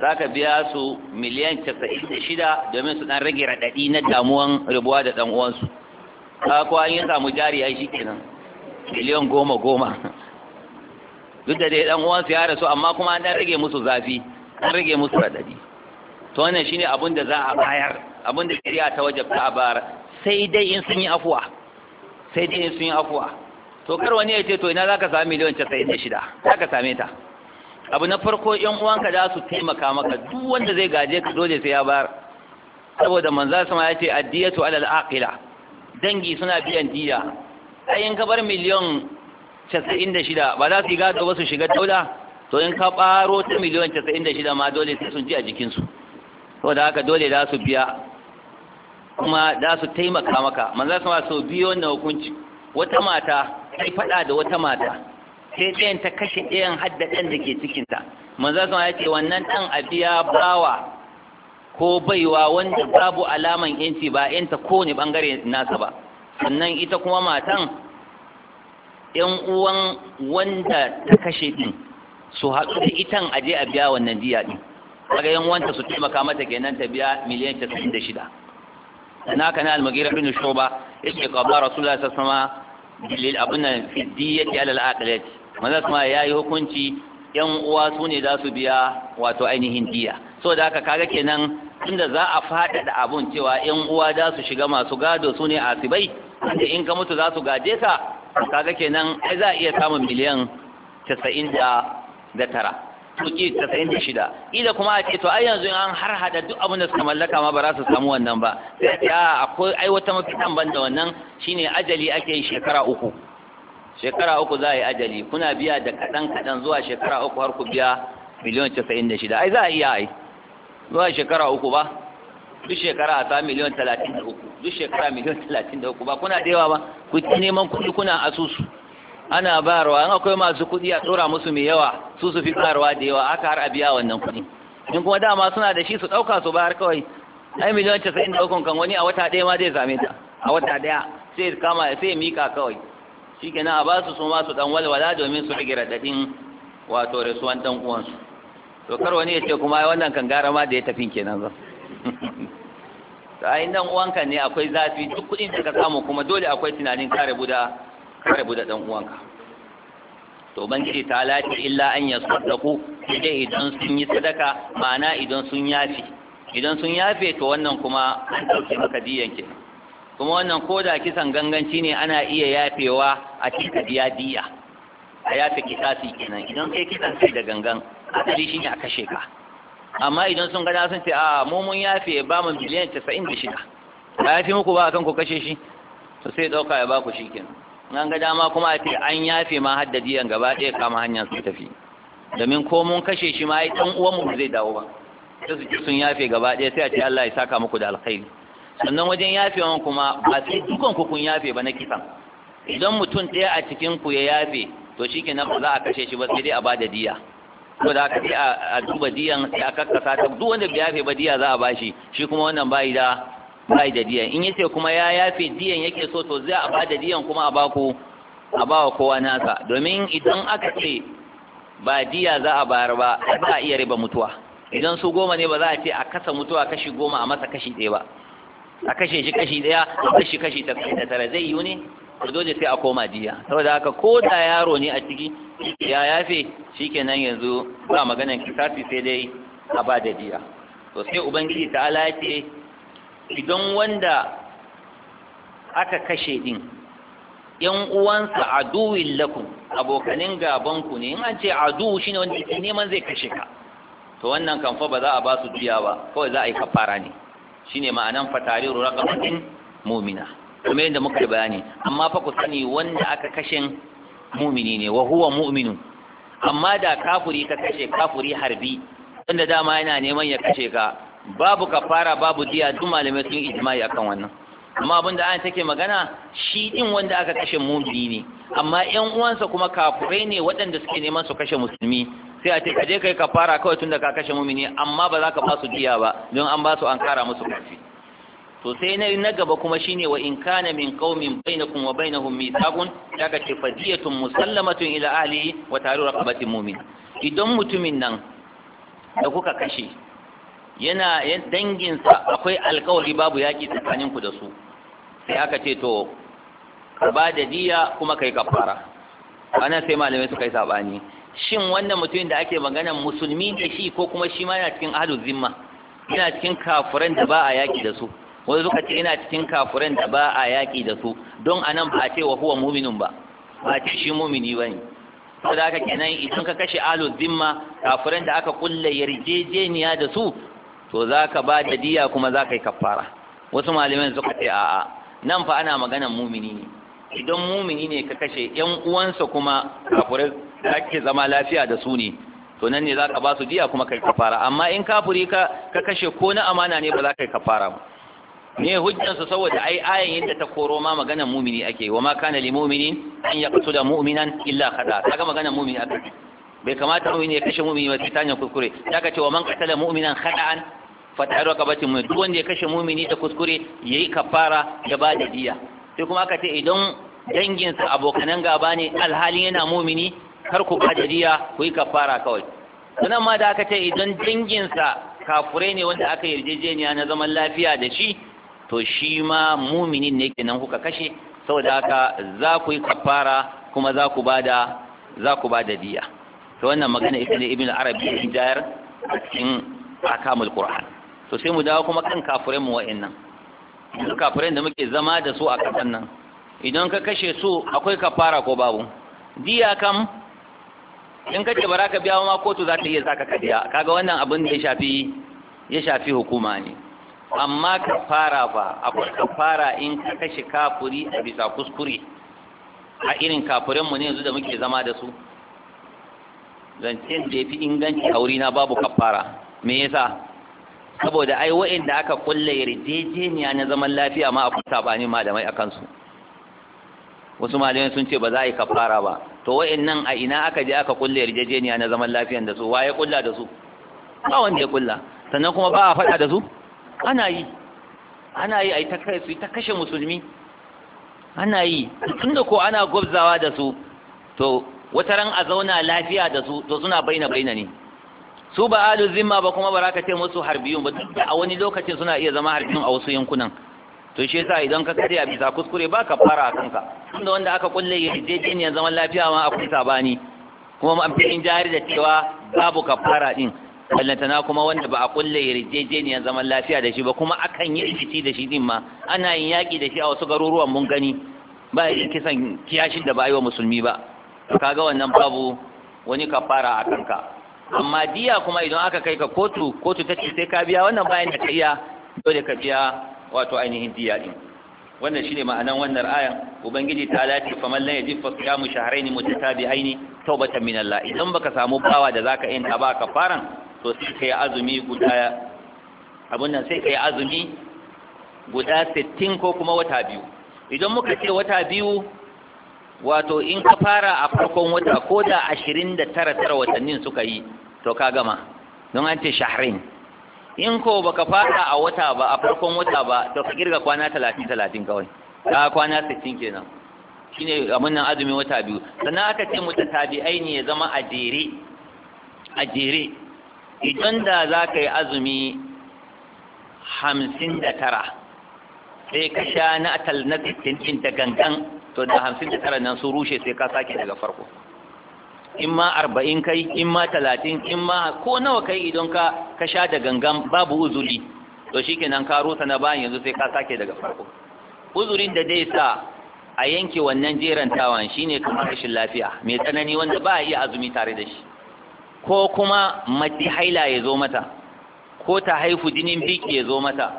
za ka biya su miliyan casa'in da shida domin su ɗan rage raɗaɗi na damuwan rabuwa da ɗan uwansu a ko an yi samu jari shi kenan miliyan goma goma duk da dai dan uwansu ya rasu amma kuma an dan rage musu zafi an rage musu radadi to wannan shine abun da za a bayar abun da shari'a ta wajabta a bayar sai dai in sun yi afuwa sai dai in sun yi afuwa to kar wani ya ce to ina zaka samu miliyan 96 zaka same ta abu na farko yan uwanka za su taimaka maka duk wanda zai gaje ka dole sai ya bayar saboda manzo sama ya ce addiyatu alal aqila dangi suna biyan diya a ka bar miliyan 96 ba za su yi gado ba su shiga daula to in ka baro ta miliyan 96 ma dole sai sun ji a jikinsu da haka dole za su biya kuma za su taimaka maka manzan sama su biyo wannan hukunci wata mata sai faɗa da wata mata sai ɗayan ta kashe ɗayan hadda ɗan da ke cikinta manzan sama ya ce wannan ɗan a biya bawa ko baiwa wanda babu alaman yanci ba yanta ne bangare nasa ba sannan ita kuma matan yan uwan wanda ta kashe din su haɗu da itan aje a biya wannan jiya din kaga yan uwanta su taimaka mata kenan ta biya miliyan 96 sana kana al-mughira bin shuba yake qaba rasulullahi sallallahu alaihi wasallam bil abuna fi diyati ala al aqlat manzo kuma yayi hukunci yan uwa su ne za su biya wato ainihin diya so da haka kaga kenan inda za a faɗaɗa abun cewa yan uwa da su shiga masu gado su ne asibai da in ka mutu za su gaje ka kaga kenan ai za a iya samun miliyan casa'in da tara tuki casa'in da shida ila kuma a ce to ai yanzu an har hada duk abin da suka mallaka ma ba za su samu wannan ba sai ya ah, akwai ai wata mafitan ban da wannan shine ajali ake shekara uku shekara uku za a yi ajali kuna biya da kaɗan kaɗan zuwa shekara uku har ku biya miliyan casa'in da shida ai za a iya ai zuwa shekara uku ba duk shekara a sa miliyan talatin da uku duk shekara miliyan talatin da uku ba kuna da yawa ba ku ci neman kuɗi kuna asusu ana bayarwa an akwai masu kuɗi a tsora musu mai yawa su su fi bayarwa da yawa aka har a biya wannan kuɗi in kuma dama suna da shi su ɗauka su bayar kawai ai miliyan casa'in da ukun kan wani a wata ɗaya ma zai same ta a wata ɗaya sai kama sai mika kawai shi kenan a ba su su ma su ɗan walwala domin su rage raɗaɗin wato rasuwan ɗan uwansu to kar wani ya ce kuma wannan kan gara ma da ya tafi kenan ba to ai nan uwanka ne akwai zafi duk kudin da ka samu kuma dole akwai tunanin kare buda kare buda dan uwanka to ce ta lati illa an yasaddaku sai idan sun yi sadaka ma'ana idan sun yafi idan sun yafe to wannan kuma an dauke maka diyan ke kuma wannan ko da kisan ganganci ne ana iya yafewa a cikin diya diya a yafe kisasi kenan idan kai kisan sai da gangan asali shine a kashe ka amma idan sun gada sun ce a mummun yafe ba mu miliyan 96 Ya yafe muku ba kan ku kashe shi to sai dauka ya ba ku kenan. an ga dama kuma a ce an yafe ma haddadi yan gaba ɗaya kama hanyar su tafi domin ko mun kashe shi ma ɗan uwanmu ba zai dawo ba sai su sun yafe gaba ɗaya sai a ce Allah ya saka muku da alkhairi sannan wajen yafewan kuma ba sai dukan ku kun yafe ba na kisan idan mutum ɗaya a cikin ku ya yafe to shi kenan ba za a kashe shi ba sai dai a bada diya ko da ka a a duba diyan sai a kakkasa ta duk wanda bai yafe ba diya za a bashi shi kuma wannan bai da bai da diyan in yace kuma ya yafe diyan yake so to zai a ba da diyan kuma a baku a ba wa kowa nasa domin idan aka ce ba diya za a bayar ba ba a iya riba mutuwa idan su goma ne ba za a ce a kasa mutuwa kashi goma a masa kashi ɗaya ba a kashe shi kashi ɗaya a kashe kashi tara zai yi ne to dole sai a koma diya saboda haka ko da yaro ne a ciki ya yafe shikenan yanzu ba maganan kisafi sai dai a ba da jiya. to sai ubangiji ta alace idan wanda aka kashe din yan uwansa aduwin lakum abokanin gabanku ne in an ce shi shine wanda ke neman zai kashe ka to wannan kan fa ba za a ba su jiya ba kawai za a yi kafara ne shine ma'anan fatariru raqabatin mu'mina kuma yadda muka bayani amma fa ku sani wanda aka kashin mumini ne wa huwa mu'minu amma da kafuri ka kashe kafuri harbi wanda dama yana neman ya kashe ka babu kafara babu diya duk malamai sun ijma'i akan wannan amma abinda da an take magana shi din wanda aka kashe mumini ne amma yan uwansa kuma kafurai ne waɗanda suke neman su kashe musulmi sai a ce ka je kai kafara kawai tunda ka kashe mumini amma ba za ka ba su diya ba don an ba su an kara musu kafi to sai na na gaba kuma shine wa in kana min qaumin bainakum wa bainahum mithaqun daga ce fadiyatun musallamatun ila ahlihi wa taru raqabatin mu'min idan mutumin nan da kuka kashe yana danginsa akwai alkawari babu yaki tsakanin ku da su sai aka ce to ka ba da diya kuma kai kafara ana sai malamai suka yi sabani shin wannan mutumin da ake magana musulmi da shi ko kuma shi ma yana cikin ahlul zimma yana cikin kafiran da ba a yaki da su wani suka ce ina cikin kafuran da ba a yaƙi da su don a nan ba a ce wa huwa muminin ba ba a ce shi mumini ba ne saboda haka kenan idan ka kashe alu zimma kafuran da aka kulle yarjejeniya da su to za ka ba da diya kuma za ka yi kafara wasu malamin suka ce a'a nan fa ana maganan mumini ne idan mumini ne ka kashe yan uwansa kuma kafurai ake zama lafiya da su ne to nan ne za ka ba su diya kuma ka kai kafara amma in kafuri ka kashe ko na amana ne ba za ka yi kafara ba Ne hujjansa saboda ai ayan yadda ta koro ma maganar mumini ake wa ma kana lil mu'minin an ya da mu'minan illa khata kaga maganar mumini ake bai kamata mumini ya kashe mumini ba tanya kuskure ka ce wa man qatala mu'minan khata'an fa ta'aru qabatin mu'min duk wanda ya kashe mumini ta kuskure yayi kafara ya ba da diya sai kuma aka ce idan danginsa abokanan gaba ne alhalin yana mumini kar ku ba da diya ku yi kafara kawai sanan ma da aka ce idan danginsa kafure ne wanda aka yarjejeniya na zaman lafiya da shi to shi ma muminin ne kenan kuka kashe saboda haka za ku yi kafara kuma za ku bada za ku bada diya to wannan magana ita ne ibn arabi da jayar a cikin akamul qur'an to sai mu dawo kuma kan kafirai mu wa'annan duk kafirai da muke zama da su a kasan nan idan ka kashe su akwai kafara ko babu diya kam in ka ce baraka biya ma kotu za ta iya zaka kadiya kaga wannan abin da ya shafi ya shafi hukuma ne amma ka fara ba akwai ka fara in ka kashe kafuri a bisa kuskure a irin kafurinmu ne yanzu da muke zama da su zancen da ya fi inganci a wurina babu kafara me yasa saboda ai da aka kulle yarjejeniya na zaman lafiya ma a ba ne malamai a kansu. wasu malamai sun ce ba za a yi kafara ba to nan a ina aka je aka kulle yarjejeniya na zaman lafiyan da su waye kulla da su ba wanda ya kulla sannan kuma ba a faɗa da su ana yi ana yi a yi ta su ta kashe musulmi ana yi tunda ko ana gwabzawa da su to wata ran a zauna lafiya da su to suna baina baina ne su ba alu zimma ba kuma baraka ce musu harbiyun ba a wani lokacin suna iya zama harbiyun a wasu yankunan to shi yasa idan ka kare a bisa kuskure ba ka fara a kanka tunda wanda aka kulle yarjejeniyar zaman lafiya ma akwai sabani kuma an fi jari da cewa babu kafara din ballantana kuma wanda ba a kulle yarjejeniyar zaman lafiya da shi ba kuma akan yi rikici da shi din ma ana yin yaƙi da shi a wasu garuruwan mun gani ba yi kisan kiyashin da ba yi wa musulmi ba kaga wannan babu wani kafara a kanka amma diya kuma idan aka kai ka kotu kotu ta ce sai ka biya wannan bayan da ka iya dole ka biya wato ainihin diya din wannan shine ma'anan wannan ayan ubangiji ta lati faman la yajid fa siyamu shahrayn mutatabi'aini tawbatan min idan baka samu bawa da zaka yin ba ka faran to sai ka yi azumi guda abin nan sai ka yi azumi guda sittin ko kuma wata biyu idan muka ce wata biyu wato in ka fara a farkon wata ko da ashirin da tara tara watannin suka yi to ka gama don an ce shahrin in ko baka fara a wata ba a farkon wata ba to ka kirga kwana talatin talatin kawai ka kwana sittin kenan shine abin nan azumin wata biyu sannan aka ce mutatabi'ai ne ya zama a jere a jere idan da za ka yi azumi hamsin da tara sai ka sha na atal na da gangan to da hamsin da tara nan su rushe sai ka sake daga farko in ma arba'in kai in ma talatin in ma ko nawa kai idan ka ka sha da gangan babu uzuri to shi kenan ka rusa na bayan yanzu sai ka sake daga farko uzurin da dai sa a yanke wannan jerantawan shine kamar rashin lafiya mai tsanani wanda ba a iya azumi tare da shi ko kuma mace haila ya zo mata ko ta haifu jinin biki ya zo mata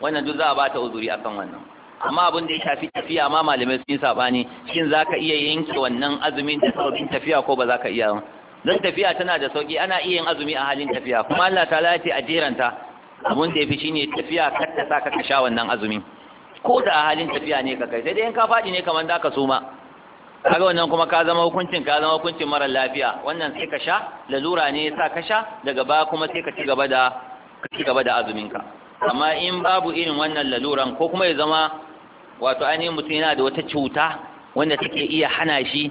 wannan duk za a bata uzuri akan wannan amma abin da ya shafi tafiya ma malamai sun sabani shin za ka iya yanke wannan azumin da sauƙin tafiya ko ba za ka iya don tafiya tana da sauƙi ana iya yin azumi a halin tafiya kuma Allah ta lati a jeranta abin da ya fi shine tafiya kar ta sa ka sha wannan azumin ko da a halin tafiya ne ka kai sai dai in ka faɗi ne kamar za ka suma kaga wannan kuma ka zama hukuncin ka zama hukuncin mara lafiya wannan sai ka sha lalura ne sa ka sha daga ba kuma sai ka ci gaba da ka ci gaba da azuminka amma in babu irin wannan laluran ko kuma ya zama wato ani mutum yana da wata cuta wanda take iya hana shi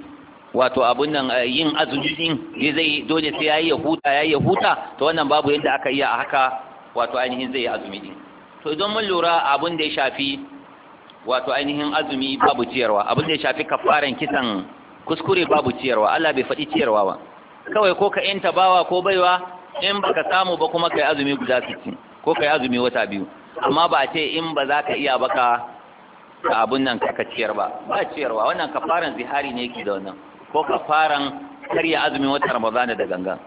wato abun nan eh, yin azumi din zai dole sai yayi ya huta yayi ya huta to wannan babu yadda aka iya a haka wato ainihin zai yi azumi din to idan mun lura abun da ya shafi wato ainihin azumi babu ciyarwa abin da ya shafi kafaran kisan kuskure babu ciyarwa Allah bai faɗi ciyarwa ba kawai ko ka yanta bawa ko baiwa in baka samu ba kuma kai azumi guda 60 ko kai azumi wata biyu amma ba ce in ba za ka iya baka abun nan ka ciyar ba ba ciyarwa wannan kafaran zihari ne yake da wannan ko kafaran karya azumin wata ramadana da gangan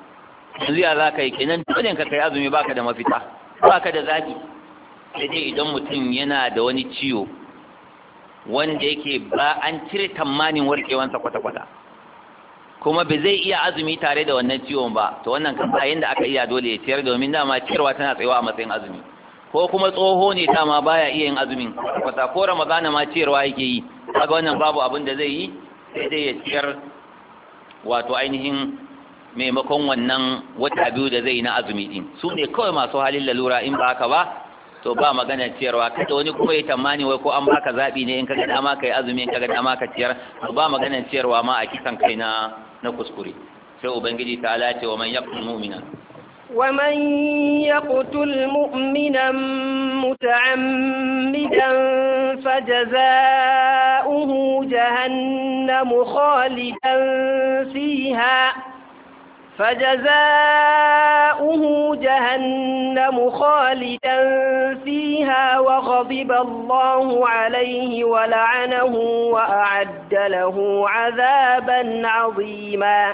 yanzu ya za ka yi kenan dole ka kai azumi baka da mafita baka da zaki sai dai idan mutum yana da wani ciwo wanda yake ba an cire tamanin warkewansa kwata-kwata kuma ba zai iya azumi tare da wannan ciwon ba to wannan kan da aka iya dole ya ciyar domin dama ciyarwa tana tsayawa a matsayin azumi ko kuma tsoho ne dama baya iya yin azumin kwata ko ramadana ma ciyarwa yake yi kaga wannan babu abin da zai yi sai dai ya ciyar wato ainihin maimakon wannan wata biyu da zai yi na azumi din su ne kawai masu halin lalura in ba haka ba to ba magana ciyarwa kada wani kuma ya tamani wai ko an baka zabi ne in kaga dama kai azumi in kaga dama ka ciyar to ba magana ciyarwa ma a kisan kai na na kuskure sai ubangiji ta alace wa man yaqtul mu'mina wa man yaqtul mu'mina muta'ammidan fajaza'uhu jahannamu khalidan fiha فجزاؤه جهنم خالدا فيها وغضب الله wa la'anahu وأعد له عذابا عظيما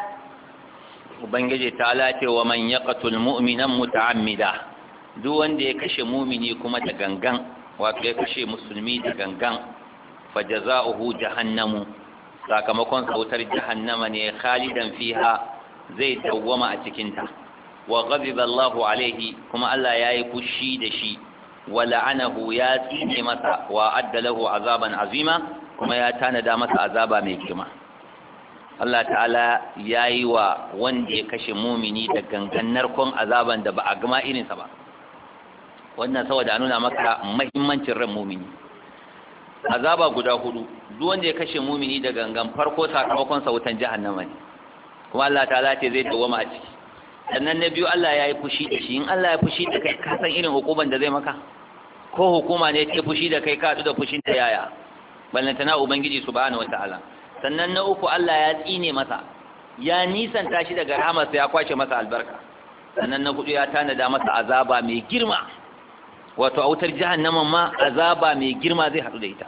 Ubangiji ta lace wa man ya ƙatul mu'minan muta'ammida duk wanda ya kashe mumini kuma ta gangan wato kashe musulmi da gangan fa jaza'uhu jahannamu sakamakon sautar jahannama ne khalidan fiha zai dawwama a cikinta wa ghadiba Allahu alaihi kuma Allah yayi fushi da shi wa la'anahu ya tsine masa wa adda lahu azaban azima kuma ya tanada masa azaba mai girma Allah ta'ala yayi wa wanda ya kashe mumini da gangan narkon azaban da ba a gama irinsa ba wannan saboda nuna maka mahimmancin ran mumini azaba guda hudu duk wanda ya kashe mumini da gangan farko sakamakon sa wutan jahannama ne kuma Allah ta ce zai dawwama a ciki sannan na biyu Allah ya yi fushi da shi in Allah ya fushi da kai ka san irin hukuman da zai maka ko hukuma ne ce fushi da kai ka da fushin ta yaya na ubangiji subhanahu wataala sannan na uku Allah ya tsine masa ya nisanta shi daga rahamarsa ya kwace masa albarka sannan na hudu ya tanada masa azaba mai girma wato a wutar jahannama ma azaba mai girma zai haɗu da ita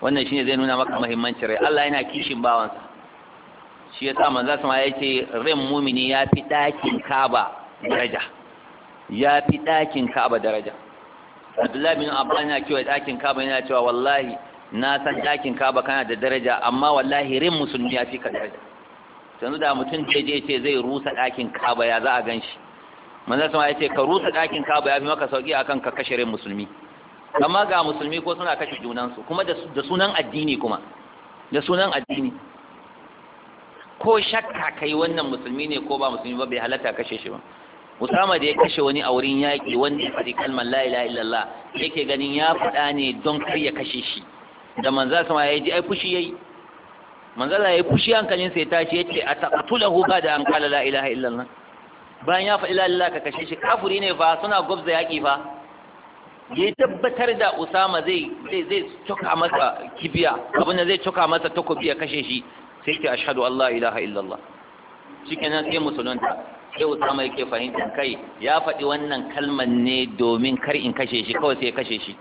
wannan shine zai nuna maka muhimmancin rai Allah yana kishin bawansa shi za su ma ya ce ran mumini ya fi ɗakin kaba daraja ya fi ɗakin kaba daraja abdullahi bin abban yana cewa ɗakin kaba yana cewa wallahi na san ɗakin kaba kana da daraja amma wallahi rin musulmi ya fi ka daraja yanzu da mutum ce je ce zai rusa ɗakin kaba ya za a gan shi manzo sama ya ce ka rusa ɗakin kaba ya fi maka sauƙi akan ka kashe rin musulmi amma ga musulmi ko suna kashe junansu kuma da sunan addini kuma da sunan addini ko shakka kai wannan musulmi ne ko ba musulmi ba bai halatta kashe shi ba Usama da ya kashe wani a wurin yaƙi wanda ya faɗi kalmar la ilaha illallah yake ganin ya faɗa ne don kar ya kashe shi da manza sama ya ji ai fushi yayi manza Allah ya fushi hankalin sai tashi yace ataqtulahu ba'da an qala la ilaha illallah bayan ya faɗi la ilaha ka kashe shi kafuri ne fa suna gwabza yaƙi fa ya tabbatar da Usama zai zai zai masa kibiya abin da zai cika masa takobi ya kashe shi sai ke ashhadu Allah la ilaha illallah shikenan sai musulunta sai Usama yake fahimtar kai ya faɗi wannan kalman ne domin kar in kashe shi kawai sai kashe shi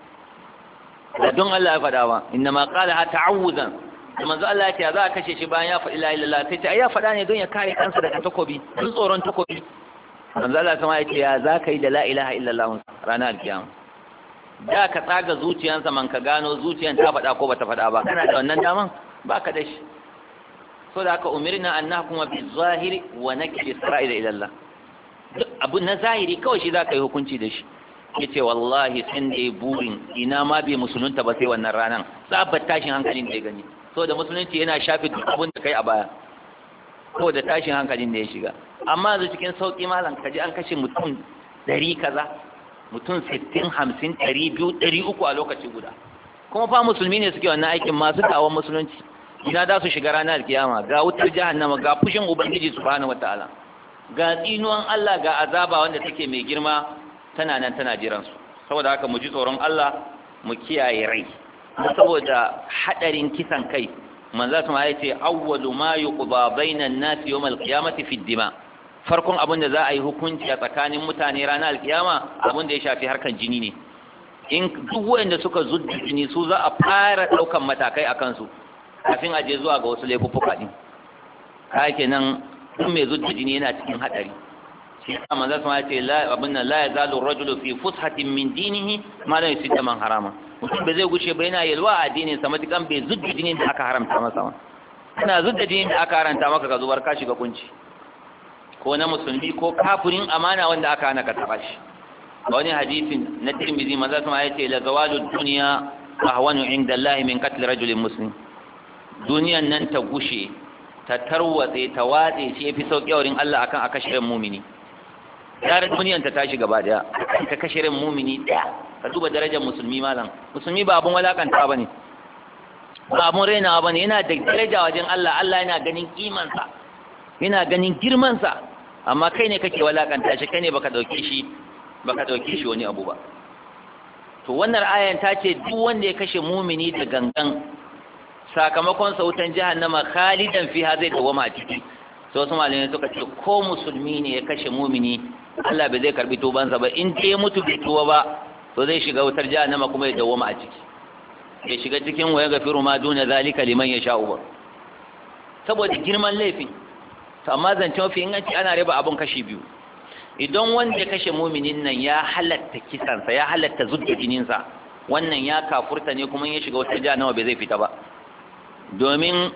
da don Allah ya faɗa ba inna ma qala ha ta'awuzan manzo Allah ya ce za a kashe shi bayan ya faɗi la ilaha sai ta ya faɗa ne don ya kare kansa daga takobi don tsoron takobi manzo Allah sama ya ce ya za ka yi da la ilaha illallah ranar alkiyama da ka tsaga zuciyansa man ka gano zuciyan ta faɗa ko bata faɗa ba kana da wannan daman ba ka da shi so da aka umirna an nahkuma bi zahiri wa nakil isra'ila ila Allah duk abu na zahiri kawai shi za ka yi hukunci da shi yace wallahi sun da burin ina ma bai musulunta ba sai wannan ranan tsabar tashin hankalin da ya gani Saboda musulunci yana shafi duk abin da kai a baya ko tashin hankalin da ya shiga amma yanzu cikin sauki malam kaji an kashe mutum dari kaza mutum sittin hamsin ɗari biyu ɗari uku a lokaci guda kuma fa musulmi ne suke wannan aikin masu dawon musulunci ina za su shiga ranar alkiyama ga wutar jahannama ga fushin ubangiji subhanahu wataala ga tsinuwan Allah ga azaba wanda take mai girma tana nan tana jiran su saboda haka mu ji tsoron Allah mu kiyaye rai saboda hadarin kisan kai manzo kuma ya ce awwalu ma yuqba bainan nas yawm alqiyamati fi dima farkon abinda za a yi hukunci a tsakanin mutane ranar alkiyama abin da ya shafi harkan jini ne in duk wanda suka zuddi jini su za a fara daukan matakai akan su kafin aje zuwa ga wasu laifuffuka din ka kenan duk mai zuwa jini yana cikin hadari shi za manzo sama ya ce la abin nan la yazalu rajulu fi fushatin min dinihi ma la yusidda man harama mutum bai zai gushe ba yana yalwa a addinin sa matukan bai zuwa jini da aka haramta masa ba kana zuwa jini da aka haramta maka ka zubar ka shiga kunci ko na musulmi ko kafirin amana wanda aka hana ka taba shi wani hadisin na tirmidhi manzo sama ya ce la zawalud dunya ahwanu inda allahi min qatl rajulin muslim duniyan nan ta gushe ta tarwatse ta watse shi yafi sauki wurin Allah akan a kashe ran mumini yaran duniyan ta tashi gaba daya ka kashe ran mumini daya ka duba darajar musulmi malam musulmi ba abun walakanta bane ba abun rainawa bane yana da daraja wajen Allah Allah yana ganin sa yana ganin girmansa amma kai ne kake walakanta shi kai ne baka dauke shi baka dauke shi wani abu ba to wannan ayan ta ce duk wanda ya kashe mumini da gangan sakamakon sautan jahannama khalidan fiha zai dawama ciki so su malamai suka ce ko musulmi ne ya kashe mumini Allah bai zai karbi tubansa ba in dai mutu bi tuwa ba to zai shiga wutar jahannama kuma ya dawama a ciki ya shiga cikin waya gafiru ma duniya zalika liman ya sha uba saboda girman laifin to amma zancen mafi inganci ana raba abun kashi biyu idan wanda ya kashe muminin nan ya halatta kisansa ya halatta zudda jininsa wannan ya kafurta ne kuma ya shiga wata jahannama bai zai fita ba domin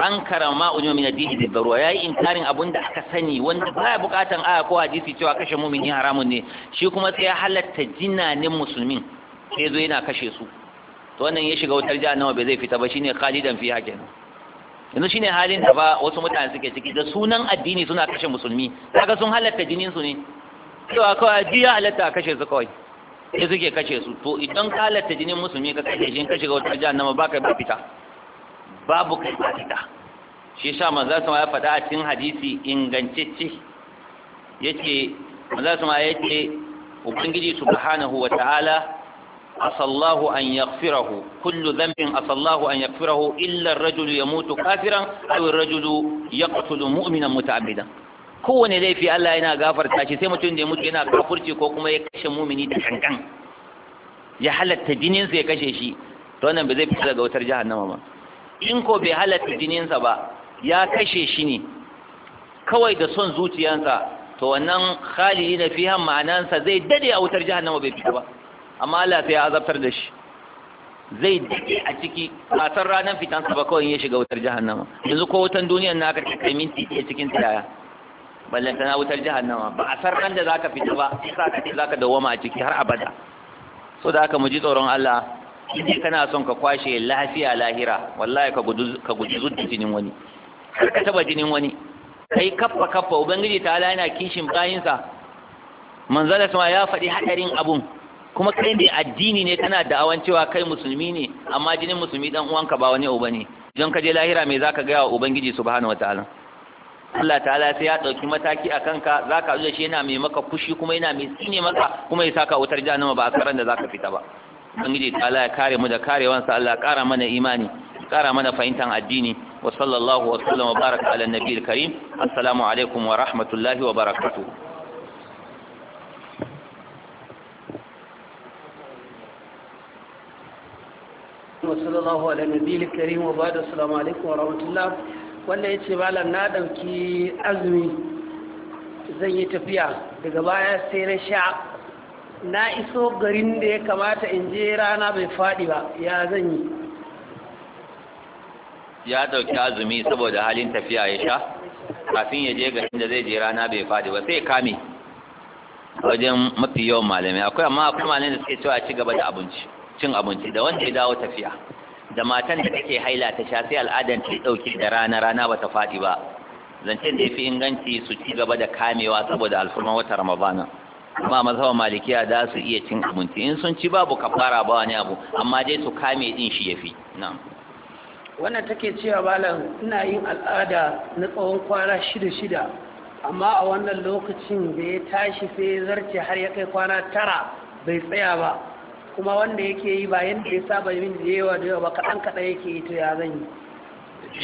an karama ujuma min addini bil ya yayi inkarin abun da aka sani wanda ya bukatan aya ko hadisi cewa kashe mu'mini haramun ne shi kuma sai ya halatta jinanin musulmin sai zo yana kashe su to wannan ya shiga wutar jahannama bai zai fita ba shine khalidan fi kenan yanzu shine halin da ba wasu mutane suke ciki da sunan addini suna kashe musulmi kaga sun halatta jinin su ne cewa kawai ji ya halatta kashe su kawai sai suke kashe su to idan ka halatta jinin musulmi ka kashe shi kashe ga wutar jahannama baka ba fita babu kai ba fita shi yasa manzo sama ya faɗa a cikin hadisi ingantacce yace manzo sama yace ubangiji subhanahu wa ta'ala asallahu an yaghfirahu kullu dhanbin asallahu an yaghfirahu illa ar-rajulu yamutu kafiran aw ar-rajulu yaqtulu mu'minan muta'ammidan kowane laifi Allah yana gafarta shi sai mutum da ya mutu yana kafurci ko kuma ya kashe mumini da kankan ya halatta jininsa ya kashe shi to wannan ba zai fita daga wutar jahannama ba in ko bai halatta jininsa ba ya kashe shi ne kawai da son zuciyansa to wannan khalili na fiha ma'anansa zai dade a wutar jahannama bai fito ba amma Allah sai ya azabtar da shi zai dade a ciki ba san ranar fitansa ba kawai ya shiga wutar jahannama yanzu ko wutan duniyar na ka kai minti ɗaya cikin tsaya ballan tana wutar jahannama ba a san ran da zaka fita ba sai ka ce zaka dawoma a ciki har abada so da haka mu ji tsoron Allah idan kana son ka kwashe lafiya lahira wallahi ka guji zudda jinin wani kar ka taba jinin wani kai kaffa kaffa ubangiji ta ala yana kishin bayinsa manzala sama ya faɗi hadarin abun kuma kai ne addini ne kana da'awan cewa kai musulmi ne amma jinin musulmi dan uwanka ba wani uba ne don ka je lahira me zaka ga wa ubangiji subhanahu wataala Allah ta'ala sai ya ɗauki mataki a kanka za ka zuwa shi yana mai maka fushi kuma yana mai tsine maka kuma ya saka wutar jahannama ba a karan da za ka fita ba ubangiji ta Allah ya kare mu da karewansa Allah ya kara mana imani kara mana fahimtar addini wa sallallahu wa sallam wa baraka ala nabiyil karim assalamu alaikum wa rahmatullahi wa barakatuh وصلى الله على النبي الكريم وبعد السلام عليكم ورحمة الله wanda ya ce malam na ɗauki azumi zan yi tafiya daga baya sai na sha na iso garin da ya kamata in je rana bai faɗi ba ya zan yi ya ɗauki azumi saboda halin tafiya ya sha kafin ya je garin da zai je rana bai faɗi ba sai kame wajen mafi yawan malami akwai amma akwai malamai da suke cewa ci gaba da abinci cin abinci da wanda ya dawo tafiya da matan da take haila ta sha sai al'adan ta dauki da rana rana ba ta faɗi ba zancen da ya fi inganci su ci gaba da kamewa saboda alfurman wata ramadana amma mazhaban malikiya da su iya cin abinci in sun ci babu kafara ba wani abu amma dai su kame din shi yafi na'am wannan take cewa malam ina yin al'ada na tsawon kwana shida shida amma a wannan lokacin da ya tashi sai zarce har ya kai kwana tara bai tsaya ba kuma wanda yake yi ba yadda ya saba yin da yawa da yawa ba kaɗan kaɗan yake yi to ya zan yi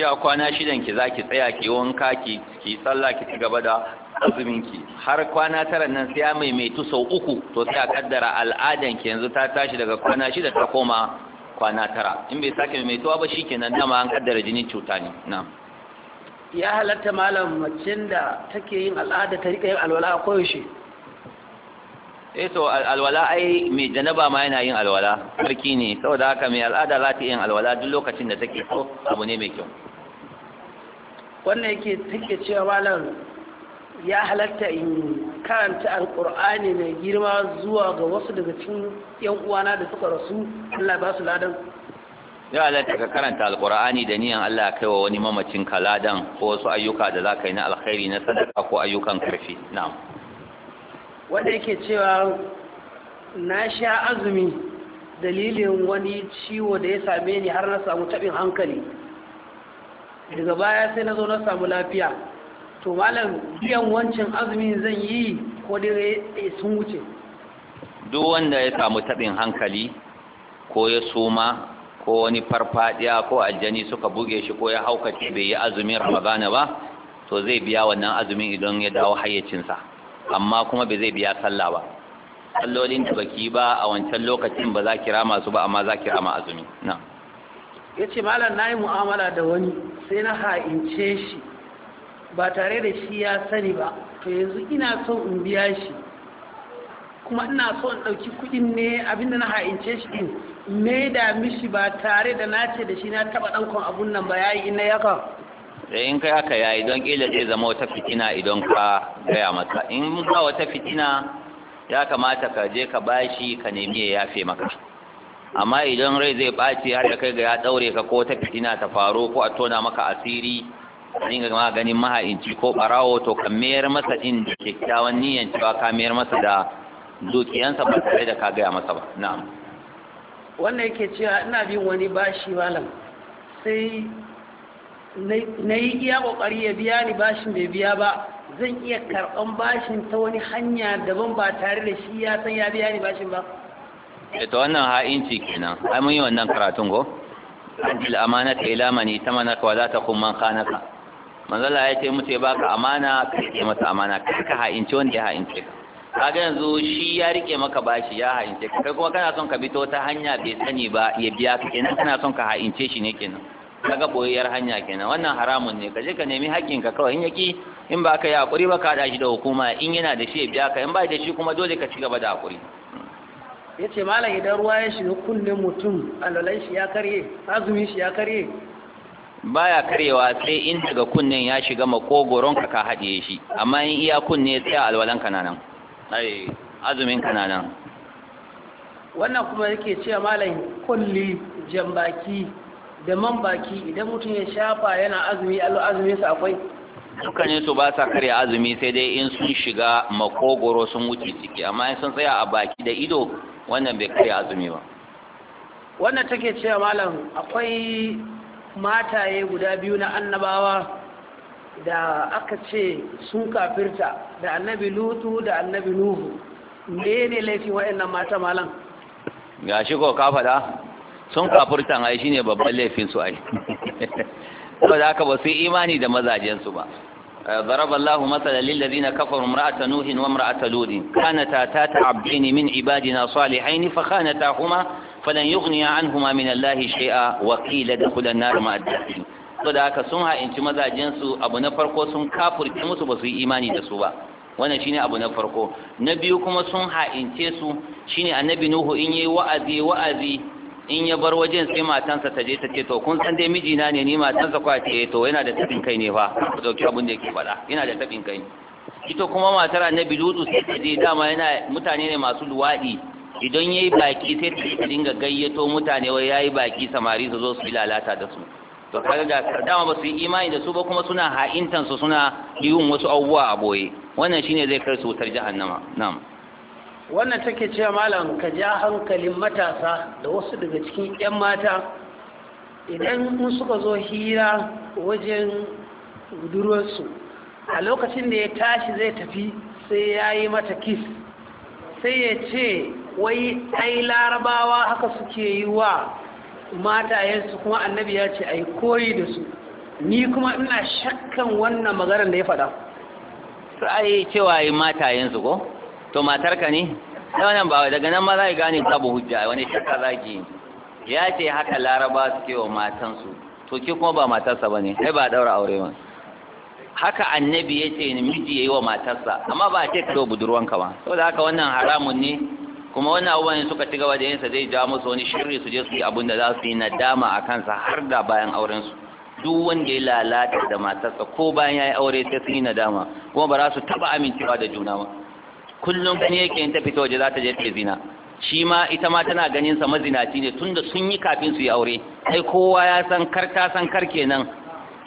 ya kwana shidan ki zaki tsaya ki wanka ki ki sallah ki ci gaba da azuminki har kwana tara nan sai ya maimaitu sau uku to sai a kaddara al'adan ki yanzu ta tashi daga kwana shida ta koma kwana tara in bai sake maimaituwa ba shi kenan dama an kaddara jinin cuta ne na ya halatta malam macin da take yin al'ada ta rika yin alwala a koyaushe eh to alwala ai mai janaba ma yana yin alwala sarki ne saboda haka mai al'ada za ta yin alwala duk lokacin da take so abu ne mai kyau wannan yake take cewa malam ya halatta in karanta alkur'ani mai girma zuwa ga wasu daga cikin yan uwana da suka rasu Allah ba su ladan ya halatta ka karanta alkur'ani da niyan Allah kai wa wani mamacin ka ladan ko wasu ayyuka da za na alkhairi na sadaka ko ayyukan karfi na'am wanda yake cewa na sha azumi dalilin wani ciwo da ya same ni har na samu tabin hankali daga baya sai na zo na samu lafiya to malam biyan wancan azumin zan yi ko dai eh, sun wuce duk wanda ya samu taɓin hankali ko ya suma ko wani farfadiya ko aljani suka buge shi ko ya haukace bai yi azumin ramadana ba to zai biya wannan azumin idan ya dawo hayyacinsa amma kuma bai zai biya sallah ba sallolin da baki ba a wancan lokacin ba za ki rama su ba amma za ki rama azumi na yace malam nayi mu'amala da wani sai na ha'ince shi ba tare da shi ya sani ba to yanzu ina so in biya shi kuma ina so in ɗauki kuɗin ne abinda na ha'ince shi in. me da mishi ba tare da na ce da shi na taɓa ɗankon abun nan ba yayi ina yaka da in kai haka yayi don ƙila zai zama wata fitina idan ka gaya masa in ba wata fitina ya kamata ka je ka bashi ka nemi ya yafe maka amma idan rai zai ɓaci har da kai ga ya ɗaure ka ko ta fitina ta faro ko a tona maka asiri in ga ganin maha'inci ko barawo to ka mayar masa din da kyakkyawan niyan cewa ka mayar masa da dukiyansa ba tare da ka gaya masa ba na'am wannan yake cewa ina bin wani bashi malam sai na yi iya kokari ya biya ni bashin bai biya ba zan iya karɓan bashin ta wani hanya daban ba tare da shi ya san ya biya ni bashin ba ita eh, wannan ha'inci kenan ai mun yi wannan karatun go adil ta ila man itamanaka wa la takum man khanaka manzala ya ce mutu ya baka amana ka rike masa amana kai ka ha'ince wanda ya ha'ince ka kaga yanzu shi ya rike maka bashi ya ha'ince ka kai kuma kana son ka bito ta hanya bai sani ba ya biya ka kenan kana son ka ha'ince shi ne kenan kaga boyayyar hanya kenan wannan haramun ne ka je ka nemi haƙƙin ka kawai in yaki in ba ka yi hakuri ba ka haɗa shi da hukuma in yana da shi ya biya ka in ba da shi kuma dole ka ci gaba da hakuri yace malam idan ruwa ya shiga kullum mutum alwalan shi ya karye azumi shi ya karye baya karewa sai in daga kunnen ya shiga makogoron ka ka haɗiye shi amma in iya kunne sai alwalan ka nan ai azumin ka nan wannan kuma yake cewa malam kulli jambaki da man baki idan mutum ya shafa yana azumi allo azumin sa akwai dukkanin su ba sa karya azumi sai dai in sun shiga makogoro sun wuce ciki amma in sun tsaya a baki da ido wannan bai karya azumi ba wannan take cewa malam akwai mataye guda biyu na annabawa da aka ce sun kafirta da annabi lutu da annabi nuhu ne ne laifin wa'annan mata malam ga shi ko ka faɗa sun kafirtan ai shine babban laifin su ai ba za ka ba su imani da mazajensu ba ضرب الله مثلا للذين كفروا امرأة نوح وامرأة لود كانتا تات عبدين من عبادنا صالحين فخانتاهما فلن يغني عنهما من الله شيئا وقيل ادخلا النار مع الداخلين da haka sun ha'inci mazajensu abu na farko sun kafurce musu ba su yi imani da su ba wannan shine abu na farko na biyu kuma sun ha'ince su shine annabi nuhu in yi wa'azi wa'azi in ya bar wajen sai matansa ta je ta ce to kun san dai mijina ne ni matansa kwa ce eh, to yana da tabin kai ne fa ku dauki abin da yake faɗa yana da tabin kai ne. ita kuma matar annabi lutu sai ta je dama yana mutane ne masu luwaɗi idan yayi baki sai ta dinga gayyato mutane wai yayi baki samari su zo su lalata da su to kaga da dama ba su yi imani da su ba kuma suna ha'intansu suna yiwun wasu abubuwa a boye wannan shine zai kai su wutar jahannama na'am wannan take cewa malam ka ja hankalin matasa da wasu daga cikin 'yan mata idan mun suka zo hira wajen budurwarsu a lokacin da ya tashi zai tafi sai ya yi mata kis sai ya ce wai ai larabawa haka suke yi wa matayensu kuma annabi ya ce ai koyi da su ni kuma ina shakkan wannan maganar da ya faɗa sai cewa yi matayensu ko to matarka ne wannan ba daga nan ma za ki gane babu hujja wani shakka za ki ya ce haka laraba suke wa matansu to ke kuma ba matarsa ba ne Sai ba daura aure ba haka annabi ya ce miji ya yi wa matarsa amma ba a ce ka zo budurwanka ba saboda haka wannan haramun ne kuma wannan abubuwan suka ci gaba da yinsa zai ja musu wani shirri su je su yi abin da za su yi nadama a kansa har da bayan aurensu duk wanda ya lalata da matarsa ko bayan ya yi aure sai su yi nadama kuma ba za su taɓa amincewa da juna ba kullum gani yake ta fita waje za ta je ta zina shi ma ita ma tana ganin sa mazinaci ne tunda sun yi kafin su yi aure sai kowa ya san kar ta san kar kenan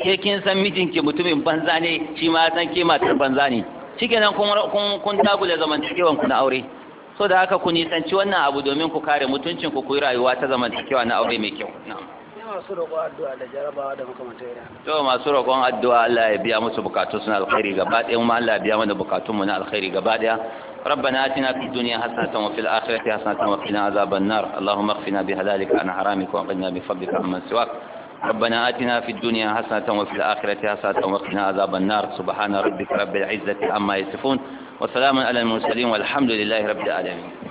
ke kin san mijinki mutumin banza ne shi ma ya san ke matar banza ne shikenan kun kun kun dagula zamantakewan ku na aure so da haka ku nisanci wannan abu domin ku kare mutuncin ku ku rayuwa ta zamantakewa na aure mai kyau na'am masu roƙon addu'a da jarabawa da makamanta irin to masu roƙon addu'a Allah ya biya musu bukatun suna alkhairi gaba ɗaya kuma Allah ya biya mana bukatun mu na alkhairi gaba ɗaya ربنا آتنا في الدنيا حسنة وفي الآخرة حسنة وقنا عذاب النار اللهم اغفنا بهلالك عن حرامك وقنا بفضلك عمن سواك ربنا آتنا في الدنيا حسنة وفي الآخرة حسنة وقنا عذاب النار سبحان ربك رب العزة عما يصفون وسلام على المرسلين والحمد لله رب العالمين